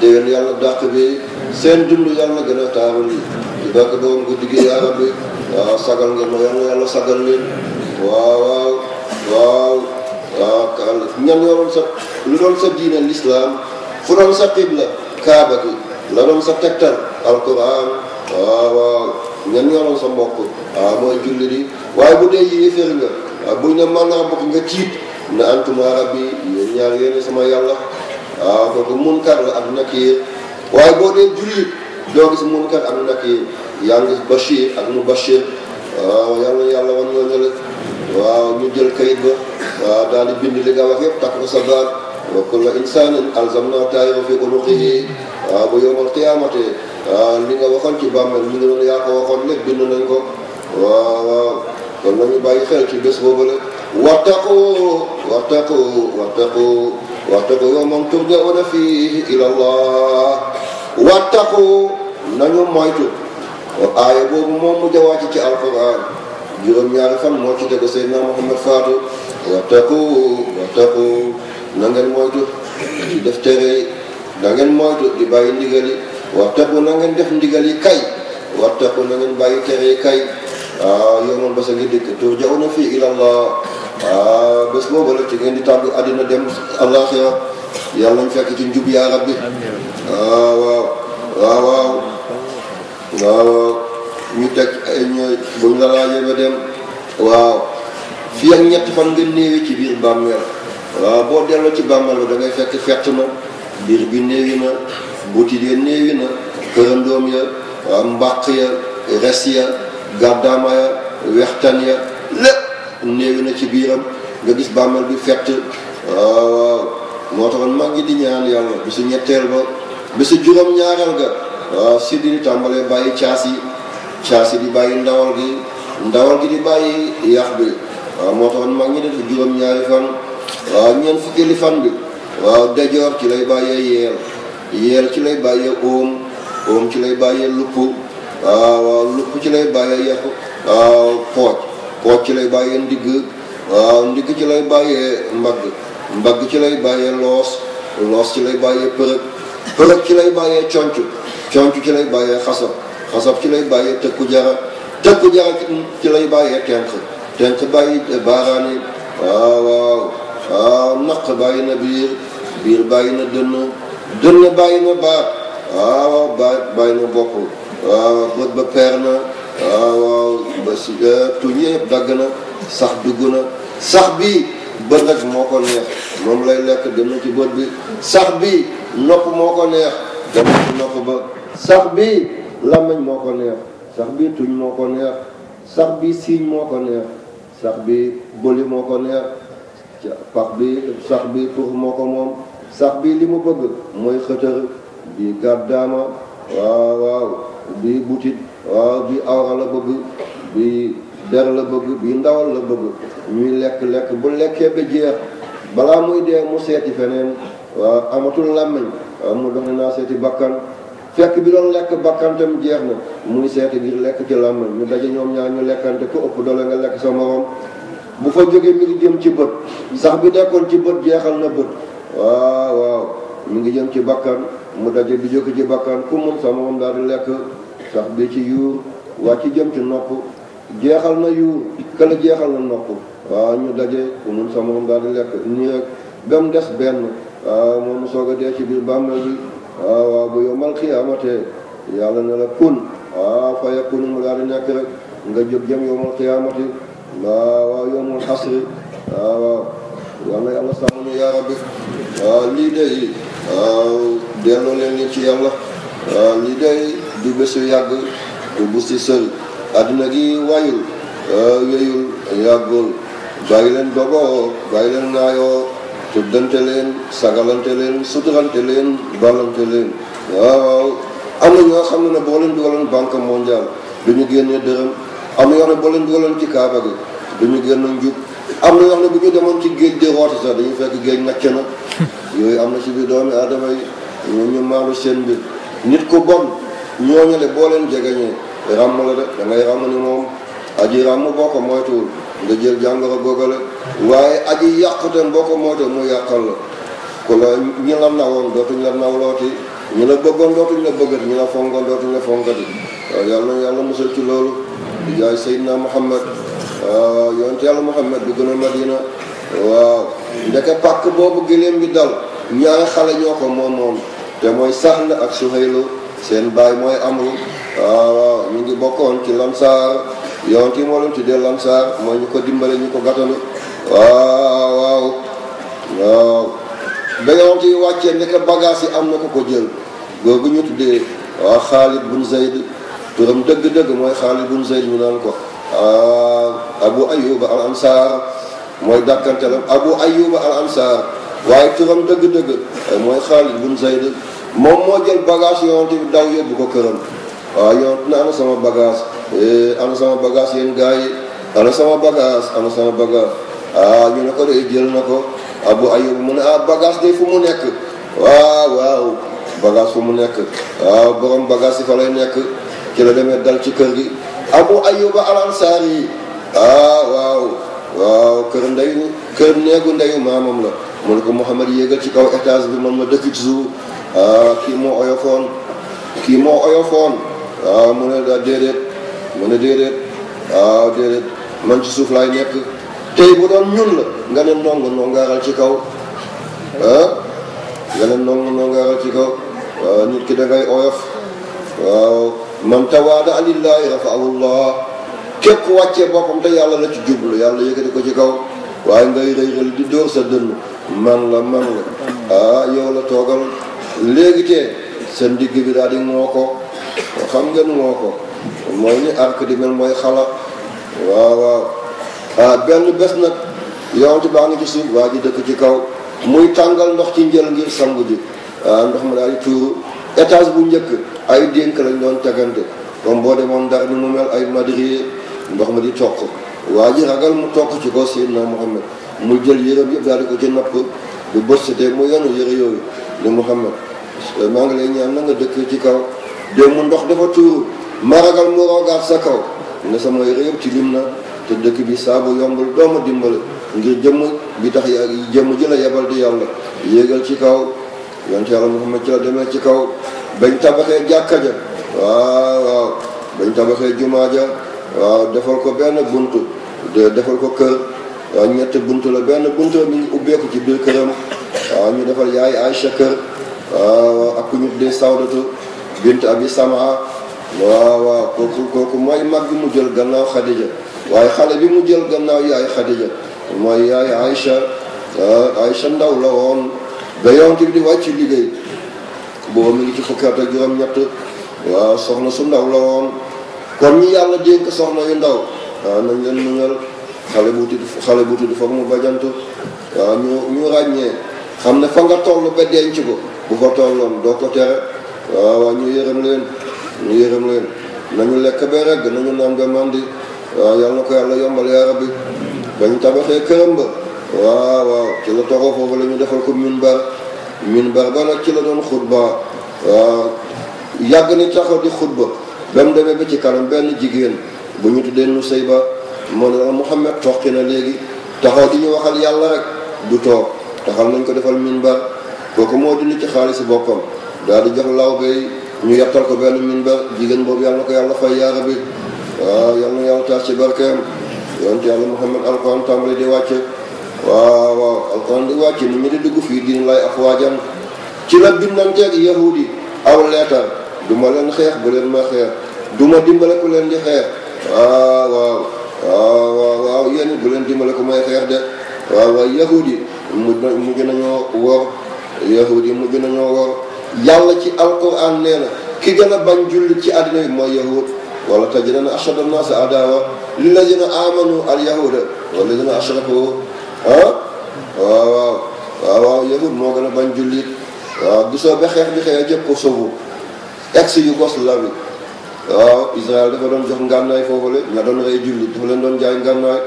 déwén yàlla dàq bi seen dund yàlla gën a taaru ci barke borom guddi gi yaa rabbi waaw sagal ngeen ma yàlla yàlla sagal leen waaw waaw waaw waaw ñan nga sa lu doon sa diine lislaam fu doon sa xibla kaaba gi la doon sa tegtal alquran waaw waaw ñan nga sa mbokk ah, mooy julli di waaye bu dee yii fér nga ah, buñ ne mën naa nga tiit na antuma rabbi ñaar yéen sama yàlla waaw ah, kooku munkar la ak nakiir waaye boo dee jullit doo gis munkar ak nakir yaa ngi gis bashir ak mubashir wa yàlla yàlla wan nga nga la waaw ñu jël kayit ba waaw daal di bind li nga wax yëpp takk ko sa baat wa kulla insanin alzamna taayiba fi unuqihi waaw bu yowmal qiyaamate waaw li nga waxoon ci bàmmeel ñu ngi doon yaa ko waxoon lépp bind nañ ko waaw waaw kon nañu bàyyi xel ci bés boobu la wattaqu wattaqu wattaqu wattaqu yawman turja'una fihi ila allah wattaqu nañu moytu aaya boobu moom mu jawaati ci alquran juróom-ñaari fan moo ci dëgg Seydina Muhammad faatu wattaqu wattaqu na ngeen moytu ci def tere yi ngeen moytu di bàyyi ndigal yi wattaqu na ngeen def ndigal yi kay wattaqu na ngeen bàyyi tere yi kay ah yow man bés a ngi dikk turja'una fii ilallah ah bés boobu la ci ngeen di tàggu àddina dem àllaaxira yàlla nañ fekk ci njub yaa rabbi waaw. waaw waaw waaw waaw ñu teg ay ñooy bu ñu la laajee ba dem waaw fii ak ñett fan nga néewi ci biir bàmmeel waaw boo delloo ci bàmmeel ba da ngay fekk fett na biir bi néewi na butit ya néewi na kërandoom ya waaw ya res ya gàddaama ya wextan ya lépp néewi na ci biiram nga gis bàmmeel bi fett waaw waaw moo taxoon mag ngi di ñaan yàlla bi su ñetteel ba bisi juróom-ñaareel ga waaw siddi di tàmbalee bàyyi caas yi caas yi di bàyyi ndawal gi ndawal gi di bàyyi yax bi waaw moo taxoon mag ñi def juróom-ñaari fan waaw ñeent fukki fan bi waaw dajoor ci lay bàyyee yeel yeel ci lay bàyyee óom óom ci lay bàyyee lupp waaw lupp ci lay bàyyee yàqu waaw pooj pooj ci lay bàyyee ndigg waaw ndigg ci lay bàyyee mbagg mbagg ci lay bàyyee loos loos ci lay bàyyee përëg loolu nag ci lay bàyyee conc conc ci lay bàyyee xasab xasab ci lay bàyyee tëkku jara tëkku jara ci lay bàyyee tenq tenq bàyyi baaraani waaw waaw naq bàyyi na biir biir bàyyi na dënn dënn bàyyi na baat waaw bàyyi na bopp waaw bët ba peer na waaw waaw ba si eh, tuñ yëpp dagg na sax dugg na sax bi bët nag moo ko neex moom lay lekk dem na ci bët bi sax bi nopp moo ko neex dem ci nopp ba sax bi làmmiñ moo ko neex sax bi tuñ moo ko neex sax bi siiñ moo ko neex sax bi bëli moo ko neex pax bi sax bi tux moo ko moom sax bi li mu bëgg mooy xëtër bi gàddaama waaw waaw bi butit waaw bi awra la bëgg bi der la bëgg bi ndawal la bëgg ñuy lekk lekk bu lekkee ba jeex balaa muy dee mu seeti feneen waaw amatul làmmiñ waaw mu dox ne naa seeti bakkan fekk bi doon lekk bakkan tam jeex na muy seeti bi lekk ci làmmiñ ñu daje ñoom ñaar ñu lekkante ko ëpp doole nga lekk sa morom bu fa jógee mi ngi jëm ci bët sax bi nekkoon ci bët jeexal na bët waaw waaw mi ngi jëm ci bakkan mu daje bi jóge ci bakkan ku mun sa morom daal di lekk sax bi ci yuur waa ci jëm ci nopp jeexal na yuur kële jeexal na nopp waaw ñu daje ku mun sa morom daal di lekk nii rek ba des benn waaw ah, moom mu dee ci biir bàmmeel bi ah, waaw waaw bu yombal xiyaamatee yàlla ne la kun waaw ah, fa yakunu mu daal di nekk rek nga jóg jëm yombal xiyaamati waaw waaw xasri waaw waaw yàlla yàlla sàmm ñu yaa rabbi waaw lii day waaw delloo leen ni ci yàlla waaw lii day du bésu yàgg du bu si sël àddina gi wayul wéyul yàggul dogoo bàyyi leen naayoo tuddante leen sagalante leen suturante leen balante leen waaw waaw am na ñoo xam ne ne boo leen dugaloon banque mondiale du ñu génnee dërëm am na yoo ne boo leen dugaloon ci kaaba gi du ñu génn njub am na yoo xam ne bu ñu demoon ci géej di rooti sax dañu fekk géej nacc na yooyu am na ci biir doomi aadama yi ñoo ñu maalu seen mbir nit ku bon ñooñu le boo leen jegeñee ràmm la de da ngay ràmm ni moom aji ràmm boo ko moytuwul nga jël jàngoro googu la waaye aji yàqutam boo ko moytoo mu yàqal la ku la ñi la nawoon dootuñ la nawlooti ñi la bëggoon dootuñ la bëggati ñi la la fongati yàlla yàlla musal ci loolu di jaay Seydina Muhammad waaw yàlla Muhammad bi gën a Madina waaw ndeke pàkk boobu gëléem bi dal ñaari xale ñoo ko moom moom te mooy Sahl ak Suhaylu seen baay mooy Amru waaw ñu ngi bokkoon ci Lansaar yow ci mo leen tuddee sar mo ñu ko dimbalé ñu ko gatalu waaw waaw waaw ba nga waxtu yi wàccee nekk bagaas yi am nako ko jël gogu ñu tuddee waa turam deug deug moy khalid bin zaid mu naan ko abu ayyub al ansar moy dakantalam abu ayyub al Ansar waaye turam deug deug moy Khalid bin zaid mom mo jël bagage yonte bi daw yobbu ko waaw yow dina ana sama bagage eh, ana sama bagage yi ana sama bagage ana sama bagage ah ñu ne ko de jël na ko abu ayub mu ne ah de fu mu nekk waaw waaw bagage fu mu nekk waaw borom bagage yi fa lay nekk ci la demee dal ci kër gi abu ayuba al ansaari yi ah, waaw waaw kër ndeyu kër neegu ndeyu maamam la mu ne ko Mouhamed yéegal ci kaw étage bi man ma dëkk ci suuf ah kii moo oyofoon kii moo oyofoon waaw ah, mu ne daal déedéet mu ne déedéet waaw ah, déedéet man ci suuf laay nekk tey bu doon ñun la nga ne ndongo ndongaaral ci kaw ah nga ne ndongo ndongaaral ci kaw waaw ah, nit ki dangay ngay oyof waaw man tawaada alillaahi rafaahullah képp wàccee boppam te yàlla la ci jublu yàlla yëkkati ko ci kaw waaye ngay rëy rëy di dóor sa dënn man la man la ah yow la toogal léegi te sa ndigg bi daal di moo ko xam ngeen moo ko mooy ni arc di mel mooy xala waaw waaw ah benn bés nag yowante baax na ci suuf waa ji dëkk ci kaw muy tàngal ndox ci njël ngir sangu ji waaw ah, ndox ma daal di tuuru étage bu njëkk ay dénk lañ doon tegante comme boo moom dara ni mu mel ay madrier ndox ma di toq waa ji ragal mu toq ci ko Seydina Muhammad mu jël yërëm yëpp daal ko ci napp bu bës mu yenu yëre yooyu ni Muhammad maa ngi lay ñaan na nga dëkk ci kaw démb ndox dafa tuuru ma ragal mu roogaat sa kaw ne samay réew ci lim na te dëkk bi saabu yombul dooma dimbal ngir jëmm bi tax yaa jëmm ji la yebal di yàlla yéegal ci kaw yonte yàlla Muhammad ci la demee ci kaw bañ tabaxee jàkka ja waaw waaw bañ tabaxee jumaa waaw defal ko benn bunt defal ko kër waaw ñett bunt la benn bunt la mi ubbeeku ci biir këram waaw ñu defal yaay Aysa kër waaw ak ku ñu dee sawdatu bint abi sama waaw waaw kooku kooku mooy mag bi mu jël gannaaw xadija waaye xale bi mu jël gannaaw yaay xadija mooy yaay Aïcha Aïcha ndaw la woon ba di wàcc liggéey booba mi ngi ci fukki at ak juróom-ñett waaw soxna su ndaw la woon kon ñi yàlla dénk soxna yu ndaw waaw nañ leen muñal xale bu tudd xale bu tudd foog mu bajant waaw ñu ñu ràññee xam ne fa nga toll ba denc ko bu fa tolloon doo ko tere waaw waaw ñu yërëm leen ñu yërëm leen nañu lekk ba regg nañu naan ba mandi waaw yàlla ko yàlla yombal yaa rabbi bañ tabaxee këram ba waaw waaw ci la toxoo foofu la ñu defal ko minbar minbar ba nag ci la doon xutba waaw yàgg ni taxaw di xutba ba mu demee ci kanam benn jigéen bu ñu tuddee nu ba moo ne Muhammad toqi na léegi taxaw di ñu waxal yàlla rek du toog taxaw nañ ko defal minbar kooku moo dund ci xaalisu boppam daal di jox law bay ñu yattal ko benn min ba jigéen boobu yàlla ko yàlla fay yaara bi waaw yàlla yàlla taas ci barkeem yonte yàlla muhammad alquran tàmbali di wàcce waaw waaw alquran di wàcce ni ñu di dugg fii diin lay afwaajam ci la bindanteeg yahudi aw leetar du ma leen xeex bu leen ma xeex du ma dimbale ku leen di xeex waaw waaw waaw waaw waaw yéen bu leen dimbale ku may xeex de waaw waaw yahudi mujj nañoo wor yahudi mujj nañoo wor yàlla ci alquran nee na ki gën a bañ jullit ci àddina bi mooy yahud wala tajidanna ashadda an-naasi adawa lilladina amanu al yahuda walladina ashraku ah waaw waaw waaw waaw yahud moo gën a bañ jullit waaw gisoo ba xeex bi xëyee jëpp ko sobu ex Yougoslavie waaw Israël dafa doon jox ngànnaay foofu la nga doon rey jullit dafa leen doon jaay ngànnaay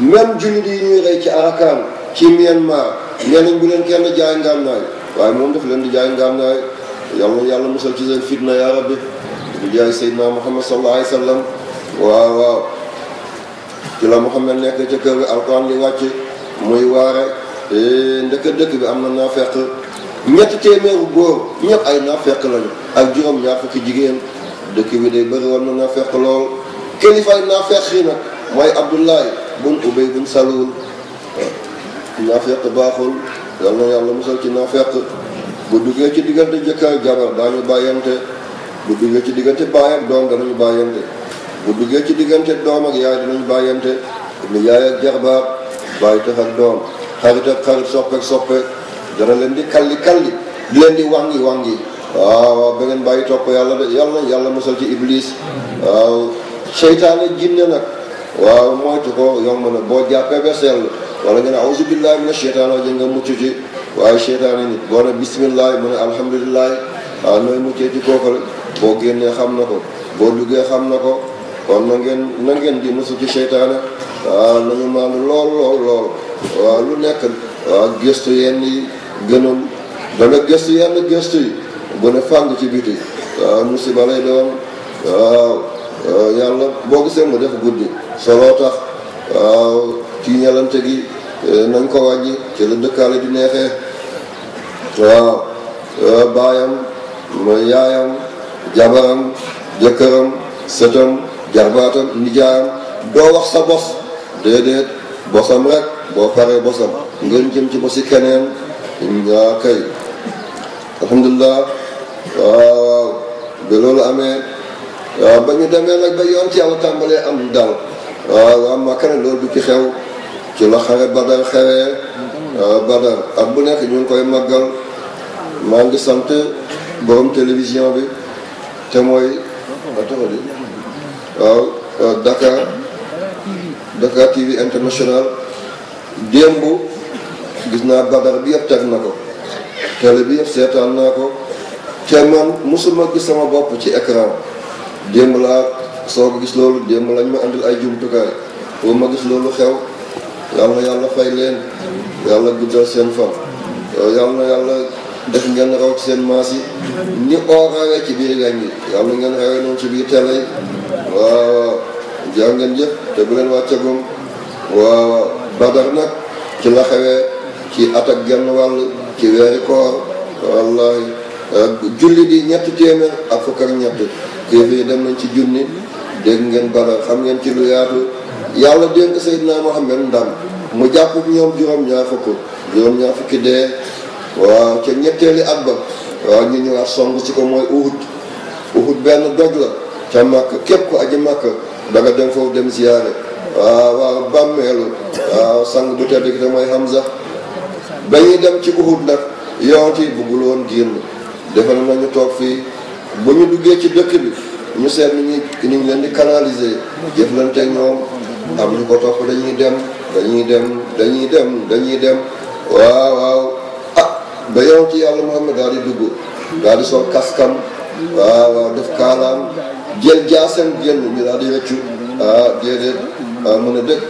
même jullit yi ñuy rey ci Arakan ci Myanmar nee bu leen kenn jaay ngànnaay waaye moom dafa leen di jaay yàlla yàlla musal ci seen fitna yaa rabbi bi jaay seydina muhammad sallallahu alayhi waaw waaw ci la muhammad nekk ca kër gi alquran di muy waare e, ndëkk dëkk bi am na naafeq ñetti téeméeru góor ñëpp ay naafeq lañu ak juróom ñaar jigéen dëkk bi day bëri na naafeq lool kilifaay naafeq yi mooy abdullahi bun ubay bun salul naafeq baaxul yàlla yàlla musal ci naafeq bu duggee ci diggante jëkkër ak jabar daañu bàyyante bu duggee ci diggante baay ak doom danañu bàyyante bu duggee ci diggante doom ak yaay danañu bàyyante ni yaay ak jarbaar bàyyi tax ak doom xarit ak xarit soppe ak dana leen di kalli kalli di leen di wangi wangi waaw waaw ba ngeen bàyyi topp yàlla de yàlla yàlla musal ci iblis waaw seytaane jinne nag waaw moytu ko yomb na boo jàppee ba sell wala nga ne auzu billahi mina sheytaan nga mucc ci waaye seytaane nit boo ne bisimilah mu ne alhamdulilah waaw nooy muccee ci kooku boo génnee xam na ko boo duggee xam na ko kon na ngeen na ngeen di musu ci seytaane waaw nañu maandu lool lool lool waaw lu nekk waaw gëstu yenn yi gënul dana gëstu yenn gëstu yi bu ne fàng ci biti waaw musiba lay waaw yàlla boo gisee mu def guddi soloo tax waaw tiiñalante gi Eh, nañ ko wañ ci la dëkkaale di neexee waaw eh, baayam yaayam jabaram jëkkëram sëtam jarbaatam nijaayam doo wax sa bos déedéet bosam rek boo paree bosam ngeen jëm ci bosi keneen waa kay alhamdulilah waaw loolu amee ba ñu demee la ba yoon ci yàlla tàmbalee am du dal waaw waaw maa loolu du xew ci la xare badal xare badar ak bu nekk ñu koy magal maa ngi sant borom télévision bi te mooy ah, ah, dakar dakar tv international démb gis naa badar bi yëpp teg na ko télé bi yëpp seetaan naa ko te man musuma gis sama bopp ci écran démb laa soo ko gis loolu démb lañ ma andil ay jumtukaay boo ma gis loolu xew yàlla yàlla fay leen yàlla guddal seen fan yàlla yàlla def ngeen raw seen maas yi ni oo rawee ci biir gan yi yàlla ngeen rawee noonu ci biir télé yi waaw jaa ngeen te bu leen wàccagum waaw badar nag ci la xewee ci at ak genn wàll ci weeri koor wallahi julli di ñetti téeméer ak fukk ak ñett kii fii dem nañ ci junni dégg ngeen badar xam ngeen ci lu yaatu yàlla dénk Seydina Mohamed ndam mu jàpp ñoom juróom-ñaar fukk juróom-ñaar fukki dee waaw ca ñetteeli at ba waaw ñu ñëwaat song si ko mooy uhud uhud benn doj la ca màkk képp ku aji màkk da dem foofu dem ziyaare waaw waaw bàmmeelu waaw sang bu tedd gi te Hamza ba ñuy dem ci uhud nag yonent yi buggul woon génn defal nañu toog fii bu ñu duggee ci dëkk bi ñu seet ni ñuy ni leen di canaliser jëflante ñoom am ñu ko topp dañuy dem dañuy dem dañuy dem dañuy dem waaw waaw ah ba yow ci yàlla Muhammad daal di dugg daal di sol kaskam waaw waaw def kaalaam jël jaasam génn ñu daal di rëccu ah, déedéet ah mën a dëkk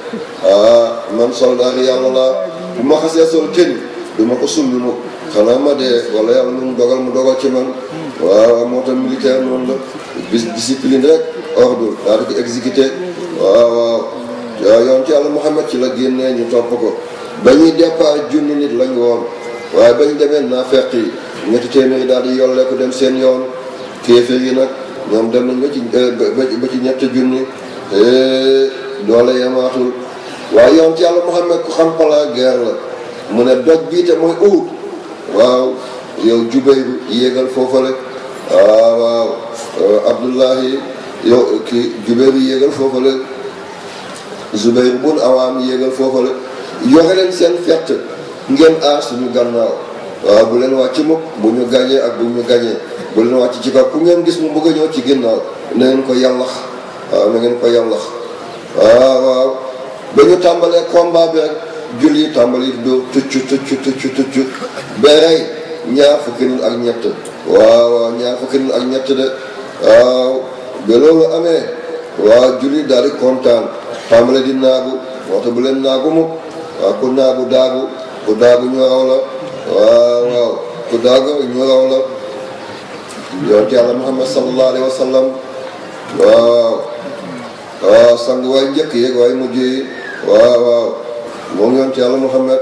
ah man soldaar yàlla laa bu ma xasee sol kenn du ma ko sumbi mu xanaa ma dee wala yàlla mu dogal mu dogal ci man waaw moo tax militaire noonu la rek ordre daal di ko exécuté waaw yoon ci yàlla Muhammad ci la génnee ñu topp ko ba ñuy départ junni nit lañ woon waaye ba ñu demee naa fekk yi daal di yolleeku dem seen yoon kéeféer yi nag ñoom dem nañ ba ci eh, ñetti junni eh, doole yemaatul waaye yoon ci yàlla Muhammad ku xam pala guerre la mu ne doj bii te mooy uut waaw yow jubay bi yéegal foofa ah, waaw waaw eh, Abdullahi yow kii jubay yéegal foofa Zubayr bun awaam yéegal foofa la yore leen seen fett ngeen aar suñu gannaaw waaw bu leen wàcc mukk bu ñu gañee ak bu ñu gañee bu leen wàcc ci kaw ku ngeen gis mu bëgg a ñëw ci ginnaaw na ngeen ko yàllax waaw na ngeen ko yàllax waaw waaw ba ñu tàmbalee combat bi rek tàmbali dóor tucc tucc tucc tucc ñaar fukki ak ñett waaw waaw ñaar ak ñett de waaw amee waa jullit daal di kontaan tàmbale di naagu moo tax bu leen naagu mu waaw ku naagu daagu ku daagu ñu raw la waaw waaw ku daagu ñu raw la yonent yàlla muhammad sallallahu alayhi wa sallam waaw waaw sang waay njëkk yeeg waay mujj yi waaw waaw moom yonent yàlla muhammad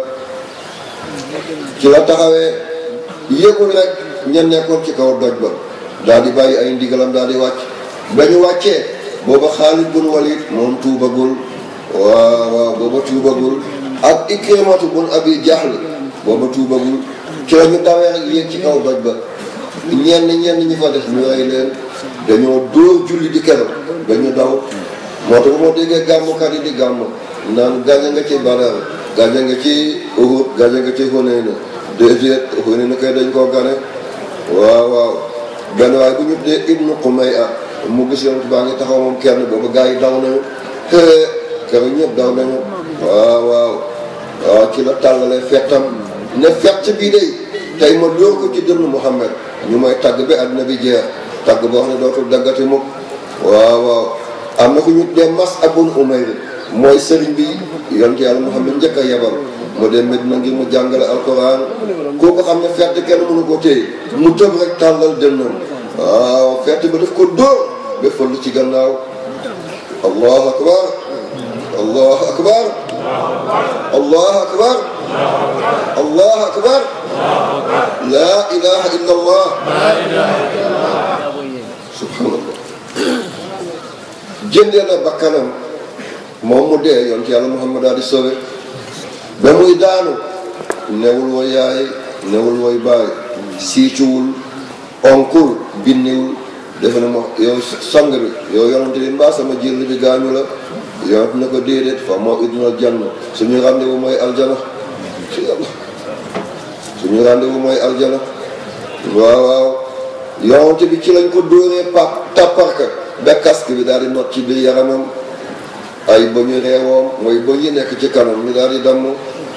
ci la taxawee yëgul rek ña nekkoon ci kaw doj ba daal di bàyyi ay ndigalam daal di wàcc ba booba Xaalid bun Walid moom tuubagul waaw waaw booba tuubagul ak Ikrimatu bun yi Jahl booba tuubagul ci la ñu dawee rek ci kaw ba ñenn ñenn ñi fa def ñu rey leen dañoo dóor julli di keroog dañu daw moo tax moo déggee gàmmkat yi di gàmm naan gàññe nga ci Badar gàññe nga ci Uhud gàññe nga ci Hunayn déedéet Hunayn kay dañ koo gane waaw waaw benn waaye bu ñu dee Ibnu Qumayya mu gis yonent baa ngi taxaw moom kenn boobu gars yi daw nañu keroog ñëpp daw nañu waaw waaw waaw ci la tàllale fettam ne fett bii day tey ma dóor ko ci dënn Muhammad ñu may tagg bi àddina bi jeex tagg boo xam ne dootul daggati mukk waaw waaw am na ku ñu dee mas abul umayr mooy sëriñ bi yonent yàlla Muhammad njëkk a yebal mu dem Medina ngir mu jàngale alquran kooku xam ne fett kenn mënu ko téye mu tëb rek tàllal dënnam waaw ah, fett ba daf ko dóor ba fëll ci gannaaw allahu akbar allahu akbar allahu akbar allahu akbar laa ilaha illa allah subhanallah jëndee na bakkanam moom mu dee yoon ci yàlla muhammad daal di sauvé ba muy daanu newul woy yaay newul woy baay siicuwul oncour binniwul defe na ma yow sang bi yow yonante bi mbaa sama jël bi gaañu la yonante na ko déedéet fa moo idnal janna suñu rendez mooy aljana ci yàlla suñu rendez mooy aljana waaw waaw yonante bi ci lañ ko dóoree pa tapparka ba bi daal di not ci biir yaramam ay ba ñu reewoom mooy ba ñu nekk ci kanam ñu daal di damm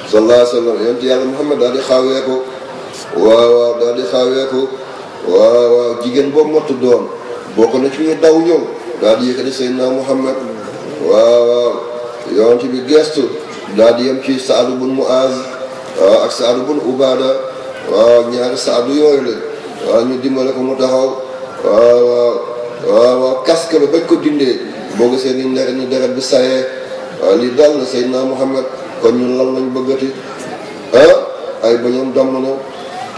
sallallahu alayhi wa sallam yonante yàlla muhammad daal di xawee ko waaw waaw daal di xawee ko waaw waaw jigéen boo mott doon bokk na ci ñu daw ñëw daal di yëkkati Seydina Muhammad waaw waaw yonent bi gestu daal di yem ci Saadu bun Muaz waaw ak Saadu bun Ubaada waaw ñaari Saadu yooyu la waaw ñu dimbale ko mu taxaw waaw waaw waaw waaw casque la bañ ko dindee boo gisee ni ndere ni deret bi sayee lii dal na Muhammad kon ñun lan lañ bëggati ah ay bañam damm na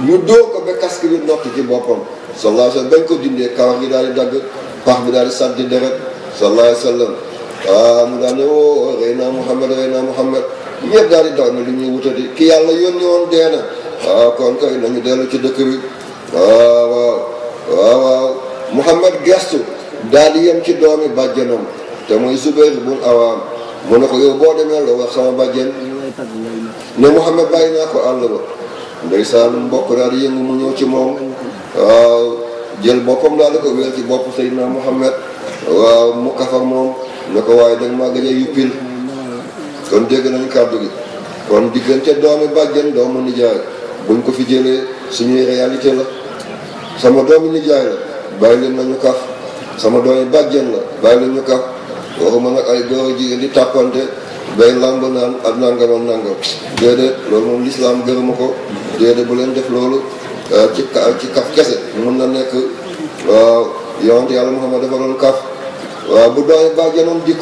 ñu dóor ko ba casque bi nokk ci boppam sallallahu alayhi wa sallam bañ ko dindee kawar gi daal di dagg pax bi daal di sàddi deret sallallahu alayhi wa ah, mu daal ne woo oh, rey naa Muhammad rey naa Muhammad ñëpp daal di daw ne lu ñuy wutati ki yàlla yónni woon dee na waaw ah, kon kay nañu dellu ci dëkk bi waaw ah, waaw waaw waaw Muhammad gestu daal di yem ci doomi bàjjenam te muy Zubayr bun Awaam mu ne ko yow boo demee la wax sama bàjjen ne Muhammad bàyyi naa ko àll ba ndeysaan mbokk daal di yëngu mu ñëw ci moom waaw jël boppam daal di ko wéer ci bopp Seydina Muhammad waaw mu kafa moom ne ko waaye dag maa gëj a yuppil kon dégg nañ kàddu gi kon diggante doomi bàjjen doomu nijaay buñ ko fi jëlee suñuy réalité la sama doomi nijaay la bàyyi leen nañu kaf sama doomi bàjjen la bàyyi leen ñu kaf waxuma nag ay góor jigéen di tàppante day làmb naan ak nangam ak nangam déedéet loolu moom lislaam gërëma ko déedéet bu leen def loolu euh, ci ci kaf kese mun na nekk waaw yonent yàlla Muhammad dafa doon kaf waaw bu doy bàjjanam di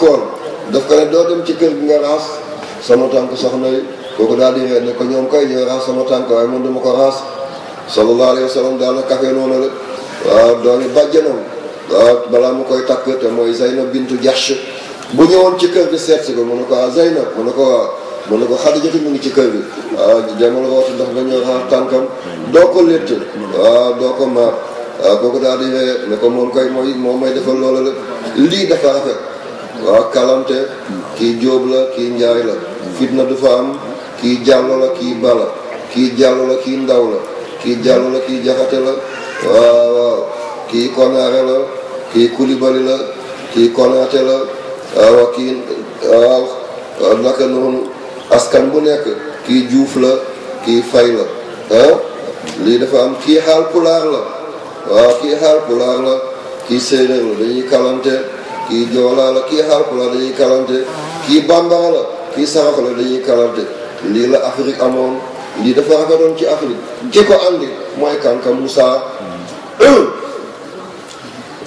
daf ko ne doo dem ci kër gi nga raas sama tànk soxna yi kooku daal di ñëwee ne ko ñoom koy ñooy raas sama tànk waaye man dama ko raas sallallahu alayhi wa sallam daal na kafe noonu la waaw doomi bàjjanam waaw balaa mu koy takk te mooy Zaynab bintu Jahsh bu ñëwoon ci kër gi seet si ko mu ne ko ah Zeynab mu ne ko waaw mu ne ko Xadijatu mu ngi ci kër gi waaw ah, demal woote ndax dañoo xaar tànkam doo ko létt waaw ah, doo ko maar ah, waaw kooku daal di xëyee ne ko moom koy mooy moom may defal loola la lii dafa rafet waaw kalante kii jóob la kii njaay la fitna du fa am kii jàllo la kii bala kii jàllo la kii ndaw la kii jàllo la kii jaxate la waaw waaw kii konaare la kii kulibali la kii konaate la Euh, waaw kii euh, waaw naka noonu askan bu nekk kii juuf la kii fay la lii dafa am kii xaal pulaar la waaw kii xaal pulaar la kii séeréer la dañuy kalante kii joolaa la kii xaal pulaar dañuy kii bambara la kii sarax la dañuy kalante lii la Afrique amoon lii dafa rafetoon ci Afrique ki ko andi mooy Kanka Moussa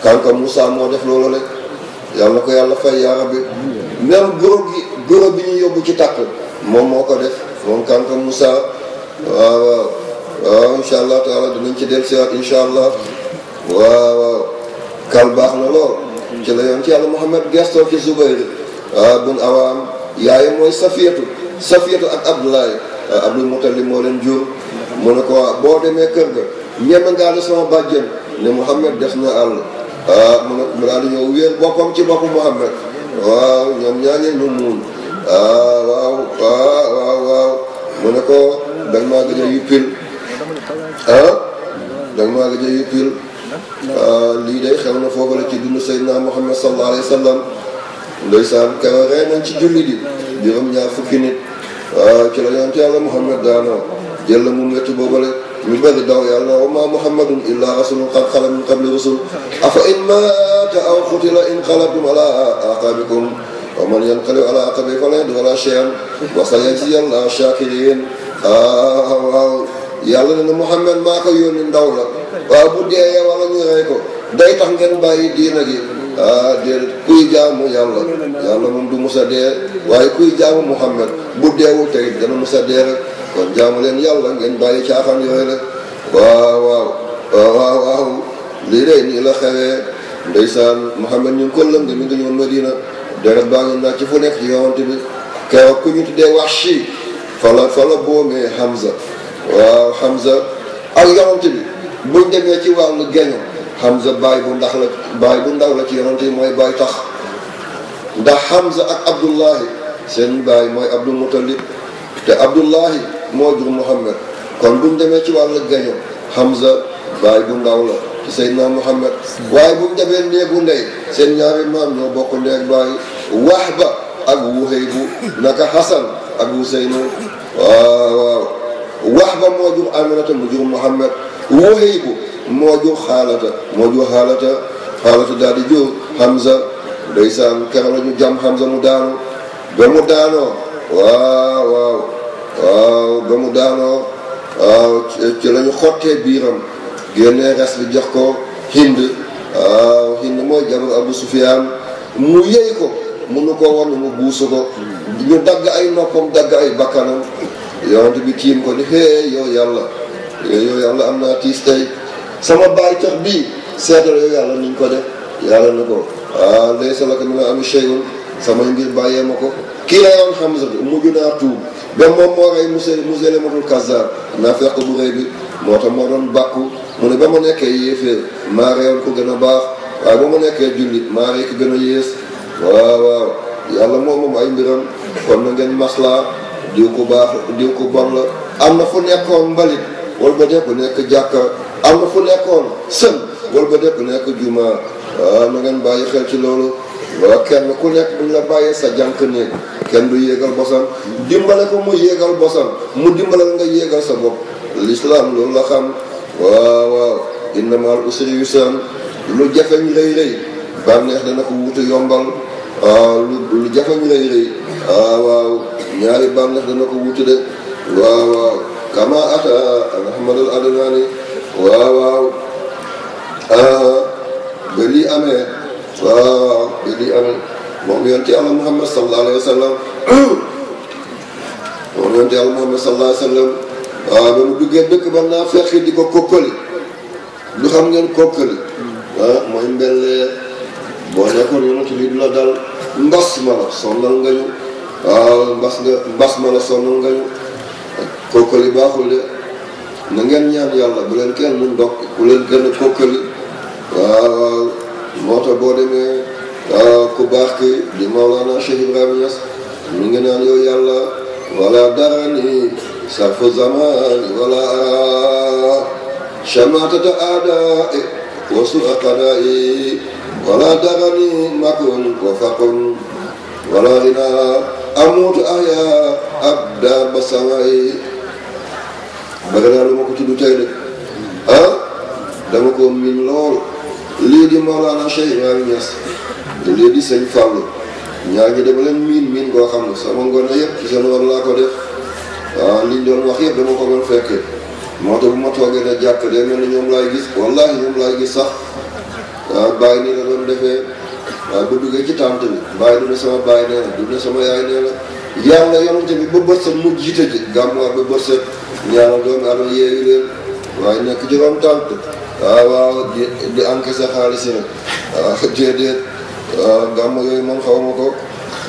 Kanka Moussa moo def loolu rek yàlla ko yàlla fay yaa rabbi même goro gi goro bi ñu yóbbu ci tàkk moom moo ko def moom kanta Moussa waaw waaw waaw incha allah taala dinañ ci del siwaat incha allah waaw waaw kal baax na lool ci la yoon ci yàlla Muhammad gestoo ci Zubayr waaw ah, bun awaam yaaye mooy safiyatu ak Abdoulaye ah, Abdul Mutalib moo leen jur mu ne ko boo demee kër ga ñeme ngaa ne sama bàjjen ne Muhammad def na àll ah mu mu daal di ñëw wéer boppam ci boppu Muhammad waaw ñoom ñaañee ñu muun ah waaw waaw waaw waaw mu ko da nga maa a yuppil ah da nga ah, lii day xew na foofu la ci dund Seydina Muhammad sallallahu alayhi wa sallam ndeysaan kawe rey nañ di juróom ñaar fukki nit waaw ah, ci la yonent yàlla Muhammad daanoo jël la mu métti boobale ñu bëgg daw yàlla wa ma muhammadun illa rasulun qad xalat min qabli rusul afa in maata aw qutila inqalabtum ala aqabikum wa man yanqalib ala aqabihi falan yadurra llaaha shay'an wa sayajzi llaahu shaakiriin waaw yàlla ne na Muhammad maa ko yónni ndaw la waaw bu dee wala ñu rey ko day tax ngeen bàyyi diina gi ah déedéet kuy jaamu yàlla yàlla moom du musa dee waaye kuy jaamu Muhammad bu deewul tey dana musa dee rek kon jaamu leen yàlla ngeen bàyyi caaxaan yooyu la waaw waaw waaw waaw lii de nii la xewee ndeysaan Muhammad ñu ngi ko lëng mi ngi ñëwoon Madina deret baa ngi naaj ci fu nekk ci yowante bi keroog ku ñu tuddee Wahshi fala fala boomee Hamza waaw Hamza ak yowante bi buñ demee ci wàllu geño Hamza baay bu ndax la baay bu ndaw la ci yonante yi mooy baay tax ndax Hamza ak Abdullahi seen baay mooy Abdul Muttalib te Abdullahi moo jur Muhammad kon buñ demee ci wàllu gaño Hamza baay bu ndaw la ci Seydina Muhammad waaye buñ demee néegu ndey seen ñaari maam ñoo bokk ndeeg baay Wahba ak Wuhaybu naka Hasan ak Huseynu waaw waaw Wahba moo jur Aminata mu jur Muhammad Wuhaybu moo jur xaalata moo jur xaalata xaalata daal di jur Hamza ndeysaan keroog la ñu jam Hamza mu daanu ba mu daanoo waaw waaw ba daanoo waaw ci la ñu xottee biiram génnee res jox ko hind waaw hind mooy jabar abu sufiyaan mu yëy ko mënu ko won mu buusu ko ñu dagg ay noppam dagg ay bakkanam yonent bi tiim ko ni xée yow yàlla yow yàlla am naa tiis tey sama baay tax bii seetal yow yàlla nuñ ko def yàlla na ko waaw laysa laka min amri shay'un samay mbir bàyyee ma ko kii la yoon Hamza mujj naa tuub dem moom moo rey Moussa Moussa Lamadoul Kazzab naa fekk bu rëy bi moo tax moo doon bàkku mu ne ba ma nekkee yéefee maa reyoon ko gën a baax waaye ba ma nekkee jullit maa rey ko gën a yées waaw waaw yàlla moom moom ay mbiram kon na ngeen diw ko baax diw ko bon am na fu nekkoon mbalit wala ba nekk nekk jàkka am na fu nekkoon sën wala ba nekk nekk juma waaw na bàyyi xel ci loolu wala kenn ku nekk bu la bàyyee sa jànk néeg kenn du yéegal bosam dimbale ko mu yéegal bosam mu dimbalal nga yéegal sa bopp l'islam loolu la xam waaw waaw innamal usri yusan lu jafeñ rëy rëy bànneex dana ko wutu yombal waaw ah, lu lu jafeñ rëy rëy waaw ah, waaw ñaari bànneex dana ko wutu de waaw waaw kama ata alhamad al adnani waaw waaw ah, ba lii amee waaw bi li am moom ngeen kokkali ah mooy mbellee boo nekkoon yonent lii du la dal mbas ma la sonnal nga ñu ah, kokkali baaxul de na ngeen ñaan yàlla bu leen kenn mun ndokk bu leen gën kokkali waaw ah, moo tax boo demee ah, ku baax ki di Maolana Cheikh Ibrahima Niass mi ngi naan yow yàlla wala darani sarfu zamani wala ara shamatata aadai wa sua qadai wala darani makun wa faqun wala rina amutu ahya abda basamai bëgg naa lu ma ko tudd tey de ah, dama ko min lool lii di Mawlana Cheikh Ibrahima Niass lii di sëñ Fallou ñaar ñi dama leen miin miin boo xam ne sama ngoone yëpp ci seen war laa ko def waaw ah, liñ ko doon ma toogee ne jàkk de mel ni ñoom laay gis wallahi ñoom laay gis sax waaw ah, bàyyi nii la doon ah, ba duggee ci tànt bi bàyyi du ne sama sa ba bët sa ñaanal doomu aadama yeeyu leen waaye nekk juróom tànt waaw ah, waaw di di encaissé xaalis yi nag ah, déedéet waaw ah, yooyu man xaw ma ko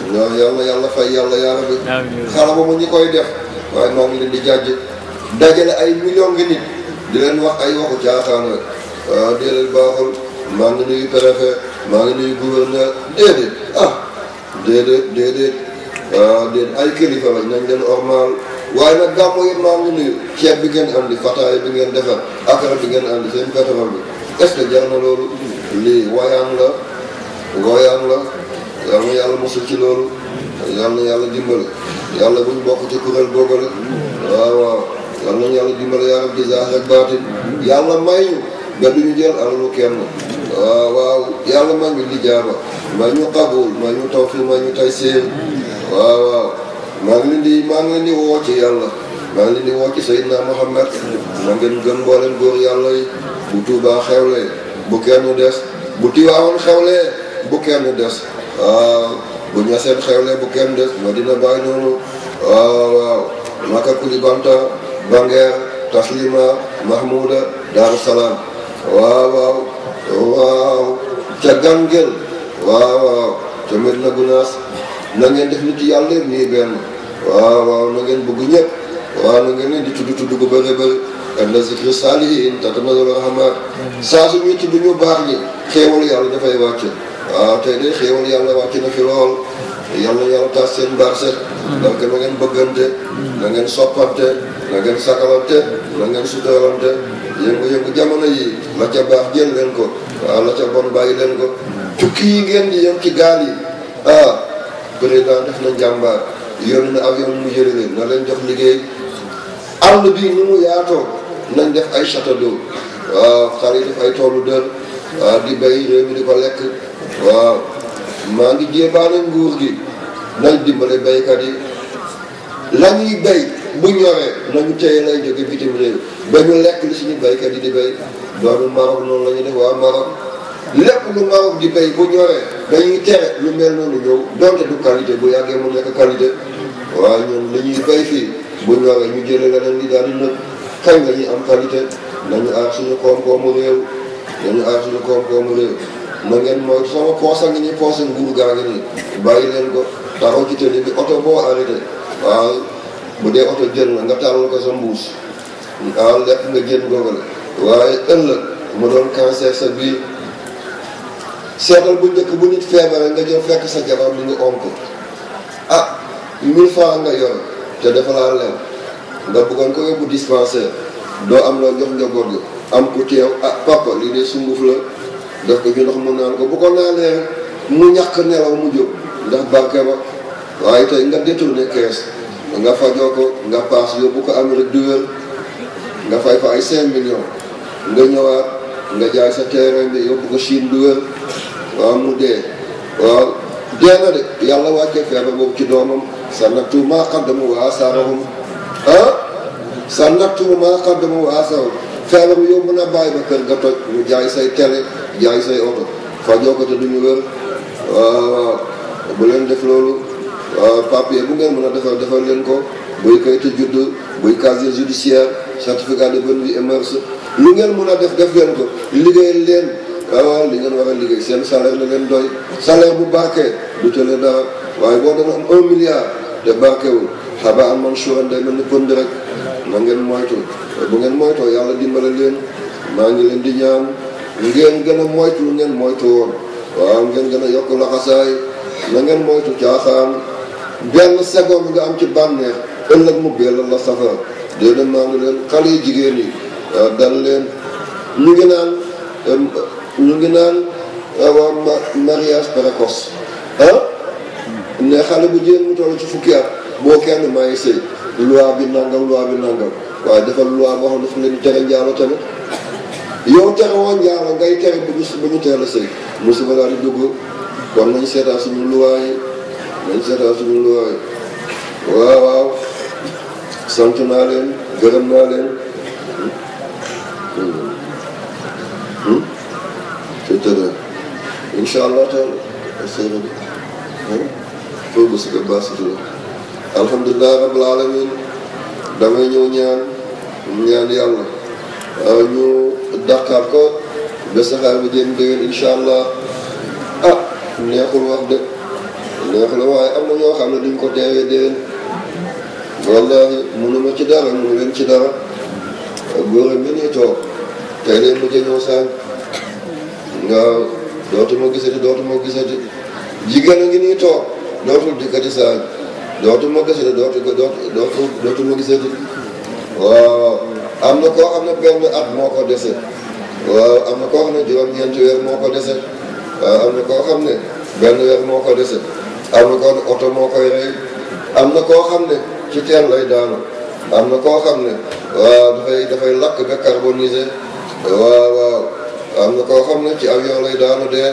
waaw yàlla yàlla fay yàlla yàlla bi xala mu ñi koy def waaye moo ngi di jàjj dajale ay million ngi nit di leen wax ay waxu caaxaan rek déedéet baaxul maa ngi nuyu préfet maa ngi nuyu gouverneur déedéet ah déedéet déedéet déedéet ay kilifa lañ nañ leen normal waaye nag gàmmu yéen maa ngi ceeb bi ngeen andi fataay bi ngeen defar akara bi ngeen andi seen pétrole bi est-ce que jar na loolu lii wayaan la wayaan la yal na yàlla mosul ci loolu yal na yàlla dimbale yàlla buñ bokk ci kuréel boogale yàlla di zaahir ak baatin yàlla may ñu ba duñu jël alalu kenn waaw waaw yàlla may ñu lijaaba may ñu qabuul may ñu tawfiq may ñu tayseer waaw waaw maa ngi leen di maa ngi leen di ci yàlla maa ngi leen di woo ci Seydina Muhammad na ngeen gëm mbooleen yàlla yi bu Tuubaa xewlee bu kenn des bu Tiwaawoon xewlee bu kenn des waaw bu Ñaseen xewlee bu kenn des Madina Baay noonu waaw waaw Maka Kulibanta Bangeer Taslima Mahmouda Daaru Salaam waaw waaw waaw ca Gangel waaw waaw ca Medina Gunaas na ngeen def nit yàlla yëpp ñuy benn waaw waaw na ngeen bëgg ñëpp waaw na ngeen leen di tudd tudd bu bëri bëri inda zikri saalihiin tatanazalu rahmaat saa su ñuy ñu baax ñi xéewal yàlla dafay wàcc waaw tey de xéewal yàlla wàcc na fi lool yàlla yàlla taas seen mbaar set donc na ngeen bëggante na ngeen soppante na ngeen sakalante na ngeen sutarante yëngu-yëngu yi la ca baax jël leen ko waaw la ca bon bàyyi leen ko tukki yi ngeen di yem ci gaal yi ah, président def na jàmbaar yoon na avion mu jëlee leen na leen jox liggéey àll bi ni mu yaatoo nañ def ay château waaw xar yi def ay toolu dër waaw di béy réew di ko lekk waaw maa ngi jéebaane nguur gi nañ dimbale béykat yi la ñuy béy bu ñoree nañu téye lay jóge bitim réew ba ñu lekk li suñu béykat yi di béy doomu Maroc noonu la def waa Maroc lépp lu maamam di béy bu ñoree dañuy tere lu mel noonu ñëw donte du qualité bu yàggee mu nekk qualité waaye ñun li ñuy béy fii bu ñoree ñu jëlee leneen li daal di nëb kañ la ñuy am qualité nañu aar suñu koom-koomu réew nañu aar suñu koom-koomu réew na ngeen mooy sama poosa ngi nii poosa nguur gaa ngi nii bàyyi leen ko taxaw ci télé bi oto boo arrêté waaw bu dee oto jën la nga tàllal ko sa mbuus waaw lépp nga jën googu waaye ëllëg mu doon cancer sa biir seetal bu njëkk bu nit feebaree nga ñëw fekk sa jabar mu ngi ah ini francs nga yor te dafa laa lew nga bëggoon ko yóbbu dispensaire doo am loo jox njaboot gi am ku teew ah papa lii de sunguf la def ko ci ndox mu naan ko bu ko naanee mu ñàkk nelaw mu jóg ndax barke ba waaye tey nga détourné kees nga fajoo ko nga paas yóbbu ko Amérique du wér nga fay fa ay 5 millions nga ñëwaat waaw mu dee waaw dee na de yàlla wàcce feebar boobu ci doomam sanattu maa qaddamu wa asaarahum ah sanattu maa qaddamu wa asaarahum feebar bi yomb na bàyyi ba kër ga toj mu jaay say télé jaay say oto fajoo ko duñu wér bu leen def loolu papier bu ngeen mën a defal defal leen ko buy kayitu judd buy casier judiciaire certificat de bonne vie et lu ngeen mën a def def leen ko liggéey leen waaw li ngeen war a liggéey seen salaire la leen doy salaire bu barke du tële dara waaye boo doon am un milliard te barkewul xaba an mansuran day mel ni pënd rek na ngeen moytu bu ngeen moytoo yàlla dimbale leen maa ngi leen di ñaan ngeen gën a moytu ngeen moytu woon waaw ngeen gën a yokk laxasaay na ngeen moytu caaxaan benn nga am ci bànneex ëllëg mu beelal la safara déedéet maa ngi leen xale jigéen yi dal leen ñu ngi naan ñu ngi naan euh, waaw mariage précoce ah ne xale bu jigéen mu toll ci fukki at boo kenn maay sëy loi bi nangam loi bi nangam waaye defal loi boo xam ne dafa leen tere njaalo tamit yow tere woo njaalo ngay tere bu ñu bu ñu teel a sëy musiba daal kon nañ seetaan seetaan suñu loi waaw waaw sant naa leen gërëm naa leen hmm? Hmm? dëgër incha allah taala seeréer foofu bu si ba sutura alhamdulilah rabbil alamin damay ñëw ñaan ñaan yàlla ñu dàqaar ko ba saxaar bi dem déwén incha allah ah neexul wax de neexul am na ñoo xam ne duñ ko teewee déwén wallahi mënuma ci dara mënu leen ci dara góor a mi nii toog tey leen mu jëñoo saañ nga dootuma gisati dootuma gisati jigéen a ngi nii toog dootul dikkati saal dootuma gisati dootu dootu dootuma gisati waaw am na koo xam ne benn at moo ko dese waaw am na koo xam ne juróom moo ko dese am na koo xam ne benn weer moo ko dese am na koo xam ne oto moo ko rey am na koo xam ne ci teen lay daanu am na koo xam ne waaw dafay dafay lakk ba carbonisé waaw am na koo xam ne ci aw yoon lay daanu dee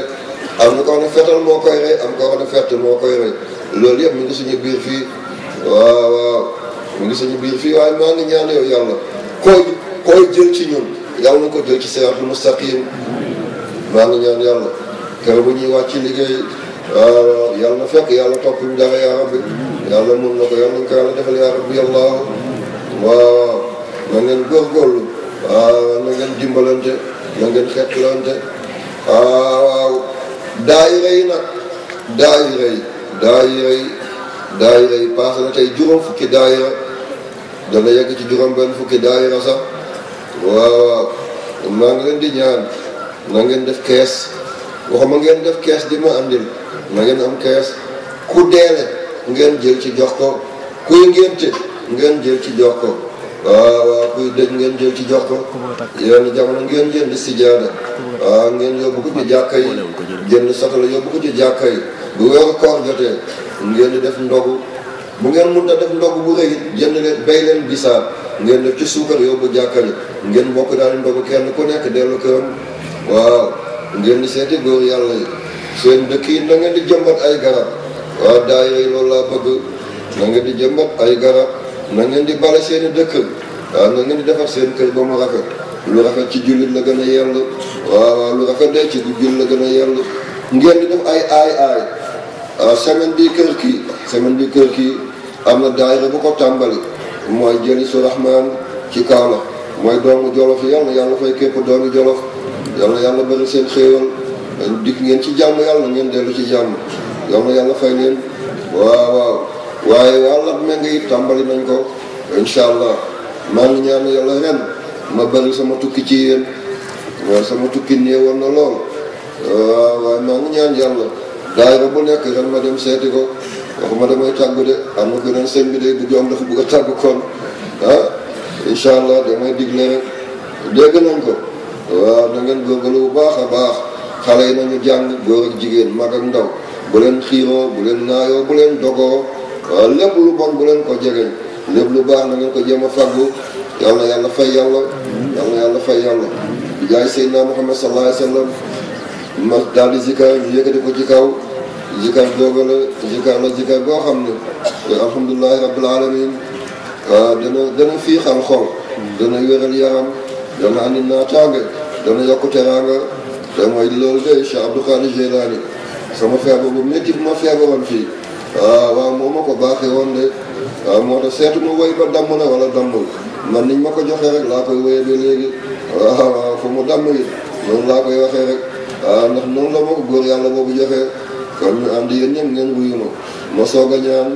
am na koo xam ne fetal moo koy rey am koo xam ne fett moo koy rey loolu yëpp mu ngi suñu biir fii waaw waaw mi ngi biir fii waaye maa ngi ñaan yow yàlla koy jël ci ñun yàlla na ko jël ci siraatu mustaqim maa ngi ñaan yàlla kër bu ñuy wàcc liggéey waaw yàlla na fekk yàlla topp ñu dara yaa rabbi yàlla mun na ko yàlla nañ ko yàlla defal yaa rabbi yàlla waaw na ngeen góorgóorlu waaw na ngeen dimbalante na ngeen xetlante ah, waaw daayira yi nag daayira yi daayira yi daayira yi paase na tey juróom fukki daayira dana yegg ci juróom benn fukki daayira sax waaw maa ngi leen di ñaan na ngeen def kees waxuma ngeen def kees di ma andil na ngeen am kees ku deele ngeen jël ci jox ko kuy ngeen jël ci jox waaw ah, waaw kuy dëj ngeen jël ci jox ko yenn jamono ngeen jënd si jaada waaw ah, ngeen yóbbu ko ci jàkka yi jënd satala yóbbu ko ci jàkka yi bu weeru koor jotee ngeen di def ndogu bu ngeen mun na def ndogu bu rëy jënd leen bay leen bisaab ngeen def ci suukar yóbbu jàkka ngeen bokk daal di ndogu kenn ku nekk dellu këram waaw ngeen di seeti góor yàlla yi seen dëkk yi na ngeen di jëmbat ay garab waaw daa yooyu loolu laa bëgg na di jëmbat ay garab na ngeen di bale seen i dëkk waaw na ngeen di defar seen kër ba mu rafet lu rafet ci jullit la gën a yell waaw lu rafet de ci jullit la gën a yell ngeen di def ay aay aay semaine bi kër ki semaine bi kër ki am na daayira bu ko tàmbali mooy jëli su rahmaan ci kaw la mooy doomu jolof yal na yàlla fay képp doomu jolof yal na yàlla bëri seen xéewal dikk ngeen ci jàmm yàlla ngeen de lu ci jàmm yàlla fay leen waaw waaye wàll ak méng tàmbali nañ ko incha allah maa ngi ñaan yàlla ren ma bëri sama tukki ci yéen waaye sama tukki néewoon na lool waaw waaye maa ngi ñaan yàlla daayira bu nekk ren ma dem seeti ko waxuma damay tàggu de am na beneen sëñ bi de bu joom dafa bëgg a tàgg kon ah allah damay digle rek dégg nañ ko waaw da ngeen góorgóorlu bu baax a baax xale yi nañu jàng góor jigéen mag ndaw bu leen xiiroo bu leen naayoo bu leen dogoo waaw lépp lu bon bu leen ko jegeñ lépp lu baax na ngeen ko jéem a fàggu yàlla yàlla fay yàlla yàlla yàlla fay yàlla di jaay Seydina Muhammad sallallahu wa sallam ma daal di zikar ñu yëkkati ko ci kaw zikar dooga la zikar la boo xam ne alhamdulilahi rabbil alamin waaw dana dana fiixal xol dana wéral yaram dana andi naataange dana yokk teraanga te mooy loolu de Cheikh Abdou Khadre Jeylani sama feebar bu métti bu ma feebaroon fii Ah, waaw waaw moo ma ko baaxee woon de waaw ah, moo tax seetu ma woy ba damm na wala dammul man niñ ma ko joxee rek laa koy woyee ba léegi waaw ah, waaw fu mu damm yi noonu laa koy waxee rek ndax noonu la ma ko góor yàlla boobu joxee kon ñu ànd yéen ñëpp ngeen wuyu soog a ñaan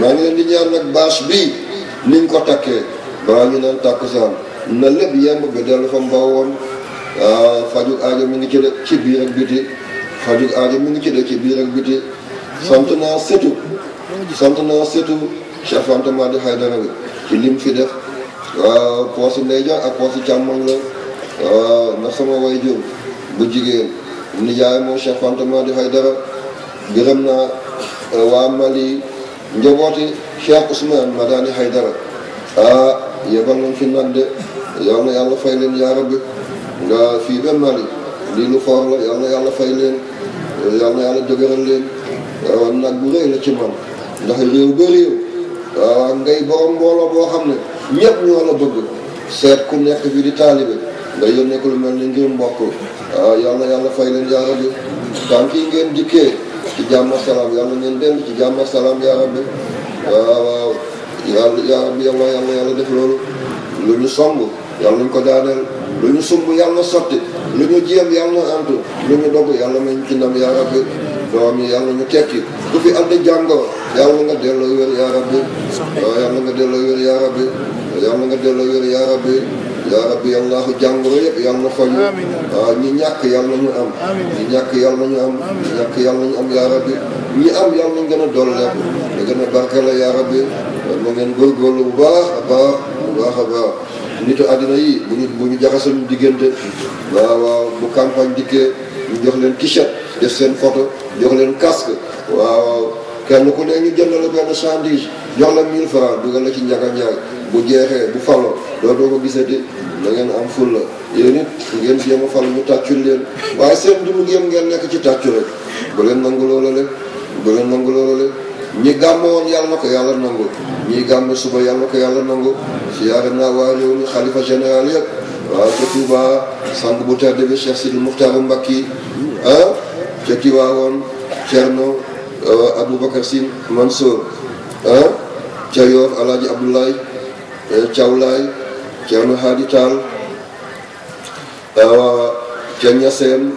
maa ngi leen di ñaan nag bâche bii niñ ko takkee balaa ñu naan tàkkusaan na lépp yemb bi dellu fa mbaw woon waaw fajug aajo mi ngi ci de ci biir ak biti fajug aajo mi ngi ci ci biir ak biti sant naa setu sant naa setu Cheikh Fanta Madi Haydara bi ci lim fi def poosu ndeyjoor ak poosu càmmoñ la ndax sama waajur bu jigéen nijaay moo Cheikh Fanta Madi Haydara gërëm naa euh, waa Mali njabooti Cheikh Ousmane Madani Haydara ah, yebal nañ fi nag de yal na yàlla fay leen yàlla yàlla dëgëral leen waaw nag bu rëy la ci man ndax réew ba réew ngay borom mbooloo boo xam ne ñëpp ñoo la bëgg seet ku nekk fi di taalibe nga yónnee ko lu mel ni ngir mbokk waaw yàlla yàlla fay leen yaa rabbi tànk yi ngeen dikkee ci jàmm salaam yàlla ngeen dellu ci jàmm salaam yaa rabbi waaw waaw yàlla yaa rabbi yàlla yàlla yàlla def loolu lu ñu somb yàlla nañ ko daaneel lu ñu sumb yàlla sotti lu ñu jéem yàlla antu lu ñu dogg yàlla mañ ci ndam yaa rabbi doom yang yàlla ñu tekki ada fi am di jàngoro yàlla nga delloo wér yaa rabbi yàlla nga delloo wér yaa rabbi yàlla nga delloo wér ya rabbi ya rabbi yang jàngoro yëpp yang na fañu waaw ñi ñàkk yàlla ñu am ñi ñàkk yàlla ñu am ñi ñàkk ñu am rabbi ñi am yàlla ñu gën a dolleeku da gën a rabbi na ngeen góorgóorlu bu baax a baax bu baax a nitu àddina yi bu ñu bu ñu jaxasañu waaw bu campagne dikkee ñu jox leen def seen photo jox leen casque waaw kenn ku ne ñu jënd la benn sandwich jox la 1000 francs dugal la ci ñaga ñaag bu jeexee bu faloo dootoo ko gisati da ngeen am ful la yéen it ngeen jéem a fal mu tàccul leen waaye seen dund yëpp ngeen nekk ci tàccu rek bu leen nangu loola le ba leen nangu loola le ñi gàmm woon yàlla na ko yàlla nangu ñi gàmm suba yàlla na ko yàlla nangu siyaare naa waa réew mi xalifa général yëpp waaw ca Touba sang bu tedd bi Cheikh Sidi ca Cherno, Cerno Bakar Bakar Sin, ah eh, ca Yoor Alaaji Abdoulaye eh, Cawlaay Cerno Haadi Hadi ca Ñaseen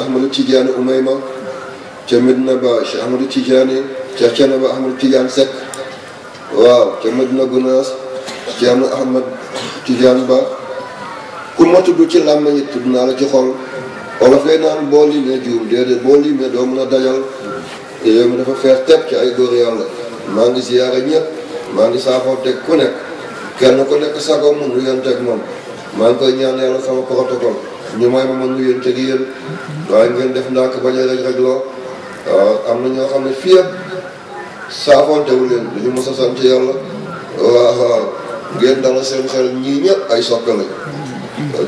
Ahmadou Tidiane Oumayma ca Medina Ba Cheikh Ahmadou Ahmad ca Cenaba Ahmadou Tidiane Seck waaw ca Medina Cerno Ahmad Tijani Ba Kumatu ma Lama ci làmmiñ olof yi naan boo limee juum déedéet boo limee doo mën a dajal te yow mi dafa fees tepp ci ay góor yàlla maa ngi ziyaara ñëpp maa ngi saafoo teg ku nekk kenn ku nekk sago mun lu yéen teg moom maa ngi koy ñaan yàlla sama protocole ñu may ma mën lu yéen teg yéen waaye ngeen def ndànk bañ a rek rek loo am na ñoo xam ne fii yëpp saafoontewu leen duñu mos a sant yàlla waa ngeen dala seen xel ñii ñëpp ay soppe lañu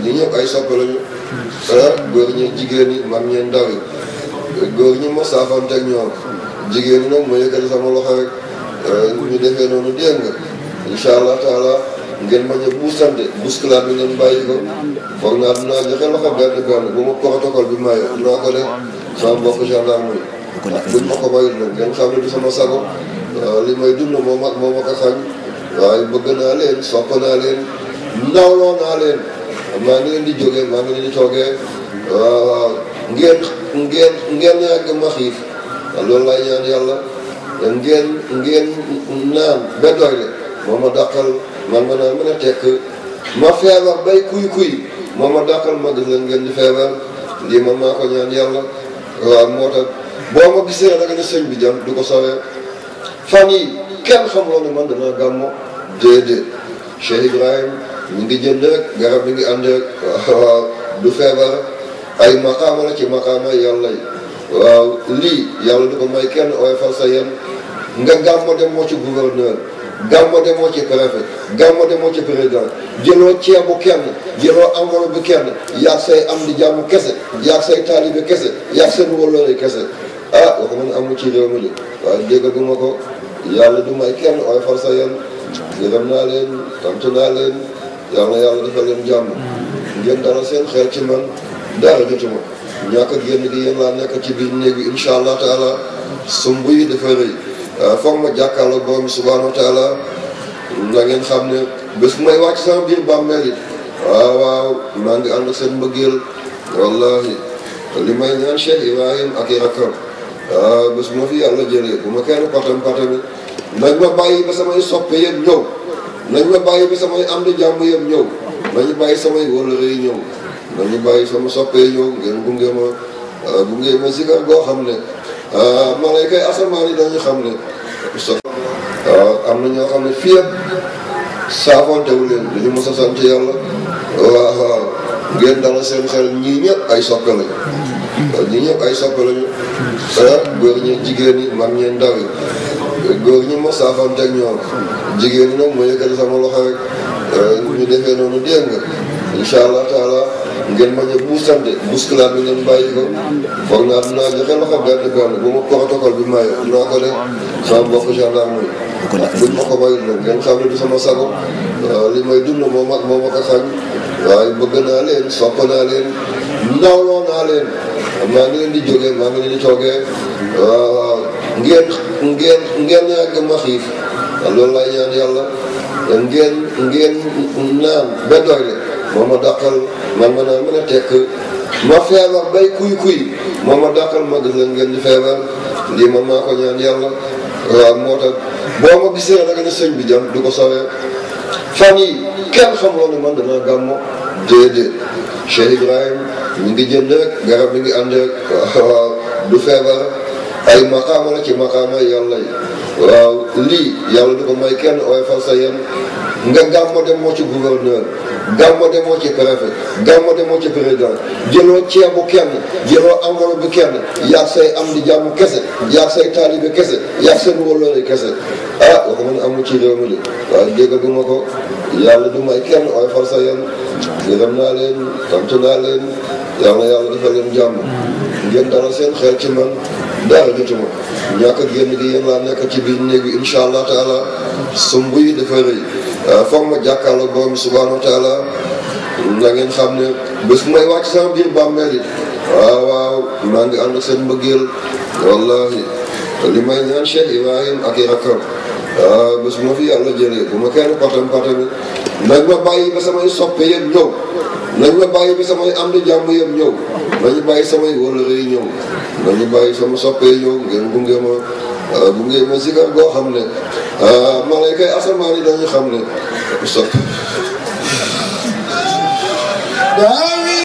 ñii ay soppe lañu Ah, góor ñi jigéen mag ñi ndaw góor ñi ma saafanteeg ñoom jigéen ñi nag ma yëkkati sama loxo rek eh, ñu defee noonu dégg nga allah taala ngeen bañ a buusante bousculade bi ngeen bàyyi ko foog naa dinaa joxe loxo benn benn bu ma protocole bi maye dinaa ko def sama ngeen xam ne sama sago eh, li may dund moom ak moom ak a xañ waaye bëgg naa leen sopp naa leen nawloo naa leen maa ngi leen di jógee maa ngi leen di toogee waaw waaw ngeen ngeen ngeen ma xiif loolu laay ñaan naan ba doy moo ma dàqal man ma naa mën a tekk ma feebar bay kuy kuy moo ma dàqal ma gis leen ngeen di feebar lii man maa ko ñaan yàlla waaw moo tax boo ma gisee rek ne sëñ bi du ko sawee fan yi kenn xamuloo ne man danaa gàmmo déedéet Cheikh Ibrahim ñu ngi jënd rek garab mi ngi ànd rek waaw du feebar ay la ci maqaama yàlla yi waaw lii yàlla du ko may kenn ooy sa yem nga gàmmo demoo ci gouverneur gàmmo demoo ci préfet gàmmo demoo ci président jëloo ceebu kenn jëloo enveloppe bi kenn yaag say am di jàmm kese yaag say taalibe kese yaag seen wóllare kese ah waxu mën amul ci réew mi de waaye déggaguma ko yàlla du may kenn ooy fal sa yem gërëm naa leen sant naa leen yal na yàlla defal leen jàmm ngeen dara seen xel ci man daara jotuma ñàkk ak yéen gi yéen laa nekk ci biir néeg bi incha allah taala sumb yi dafa rëy euh, foog ma jàkkaarloo borom subhanahu wa taala na ngeen xam ne bés bu may wàcc sama biir bàmmeel it waaw waaw maa ànd seen mbëggeel wallahi li may ñaan Cheikh Ibrahim ak i rakkam waaw euh, ma fi yàlla jëlee bu ma kenn patam patami nag ma bàyyi ba samay soppe yëpp ñëw nañ ma bàyyi bi samay am di jàmm yëpp ñëw nañu bàyyi samay wóllëre yi ñëw nañu bàyyi sama sope yi ñëw ngeen gunge ma euh, gunge ma sikar goo xam ne euh, malaykay asamaan yi dañu xam ne euh, am na ñoo xam ne fii yëpp saafoontewu leen dañu mos a sant yàlla waaw waaw ngeen dala seen xel ñii ñëpp ay soppe lañu ay soppe lañu góor ñi jigéen ñi mag ñeen ndaw góor ñi ma saafante ak ñoom jigéen ñi nag ma sama loxo rek euh, ñu defee noonu dégg nga incha allah taala ngeen bañ a buusante bousculade bi ngeen bàyyi ko foog naa dinaa joxe loxo benn benn bu ma protocole bi maye dinaa ko def sama mbokk gendarme yi buñ ma ko mayul nag ngeen xam ne sama sago euh, li may dund mo ak moom ak a xañ waaye bëgg naa leen sopp naa leen nawloo naa leen maa ngi leen di jógee maa ngi leen di toogee ngeen ngeen ngeen yàgg ma xiif loolu lay ñaan yàlla ngeen ngeen naan ba doyle moo ma dàqal man ma naan mën a tekk ma feebar bay kuy kuy moo ma dàqal ma gën ngeen di feebar lii man maa ko ñaan yàlla waaw moo tax boo ma gisee rek ne sëñ bi jam du ko sawee fan yi kenn xamoon ne man danaa gàmmo déedéet Cheikh Ibrahim ngi jënd garab ngi ànd du feebar ay maqaama la ci maqaama yàlla yi waaw lii yàlla du ko may kenn ooy fal sa yem nga gàmmo demoo ci gouverneur gàmmo demoo ci préfet gàmmo demoo ci président jëloo ceebu kenn jëloo enveloppe bi kenn yaag say am di jàmm kese yaag say taalibe kese yaag seen wóllëre kese ah waxu ko yàlla du may kenn ooy fal sa yem gërëm naa leen tamtu naa leen yàlla yàlla defal leen jàmm yéen dara seen xel ci man dara jotuma ñàkk ak yéen gi yéen laa nekk ci biir néeg bi allah taala sumb yi dafa rëy euh, foog ma jàkkaarloo borom subhanahu wa taala na xam ne bés bu may wàcc sama biir bàmmeel it waaw waaw maa ngi ànd seen mbëggeel wallahi li may ñaan Cheikh Ibrahim ak i rakkam waaw euh, ma fi yàlla jëlee bu ma kenn patam patami nag ma bàyyi ba samay soppe yëpp ñëw nañ ma bàyyi bi samay am di jàmm yëpp ñëw nañu bàyyi samay wóllare yi ñëw nañu bàyyi sama soppe yi ñëw ngeen gunge ma euh, gunge ma sikar goo xam ne euh, malaykay asamaan yi dañu xam ne sopp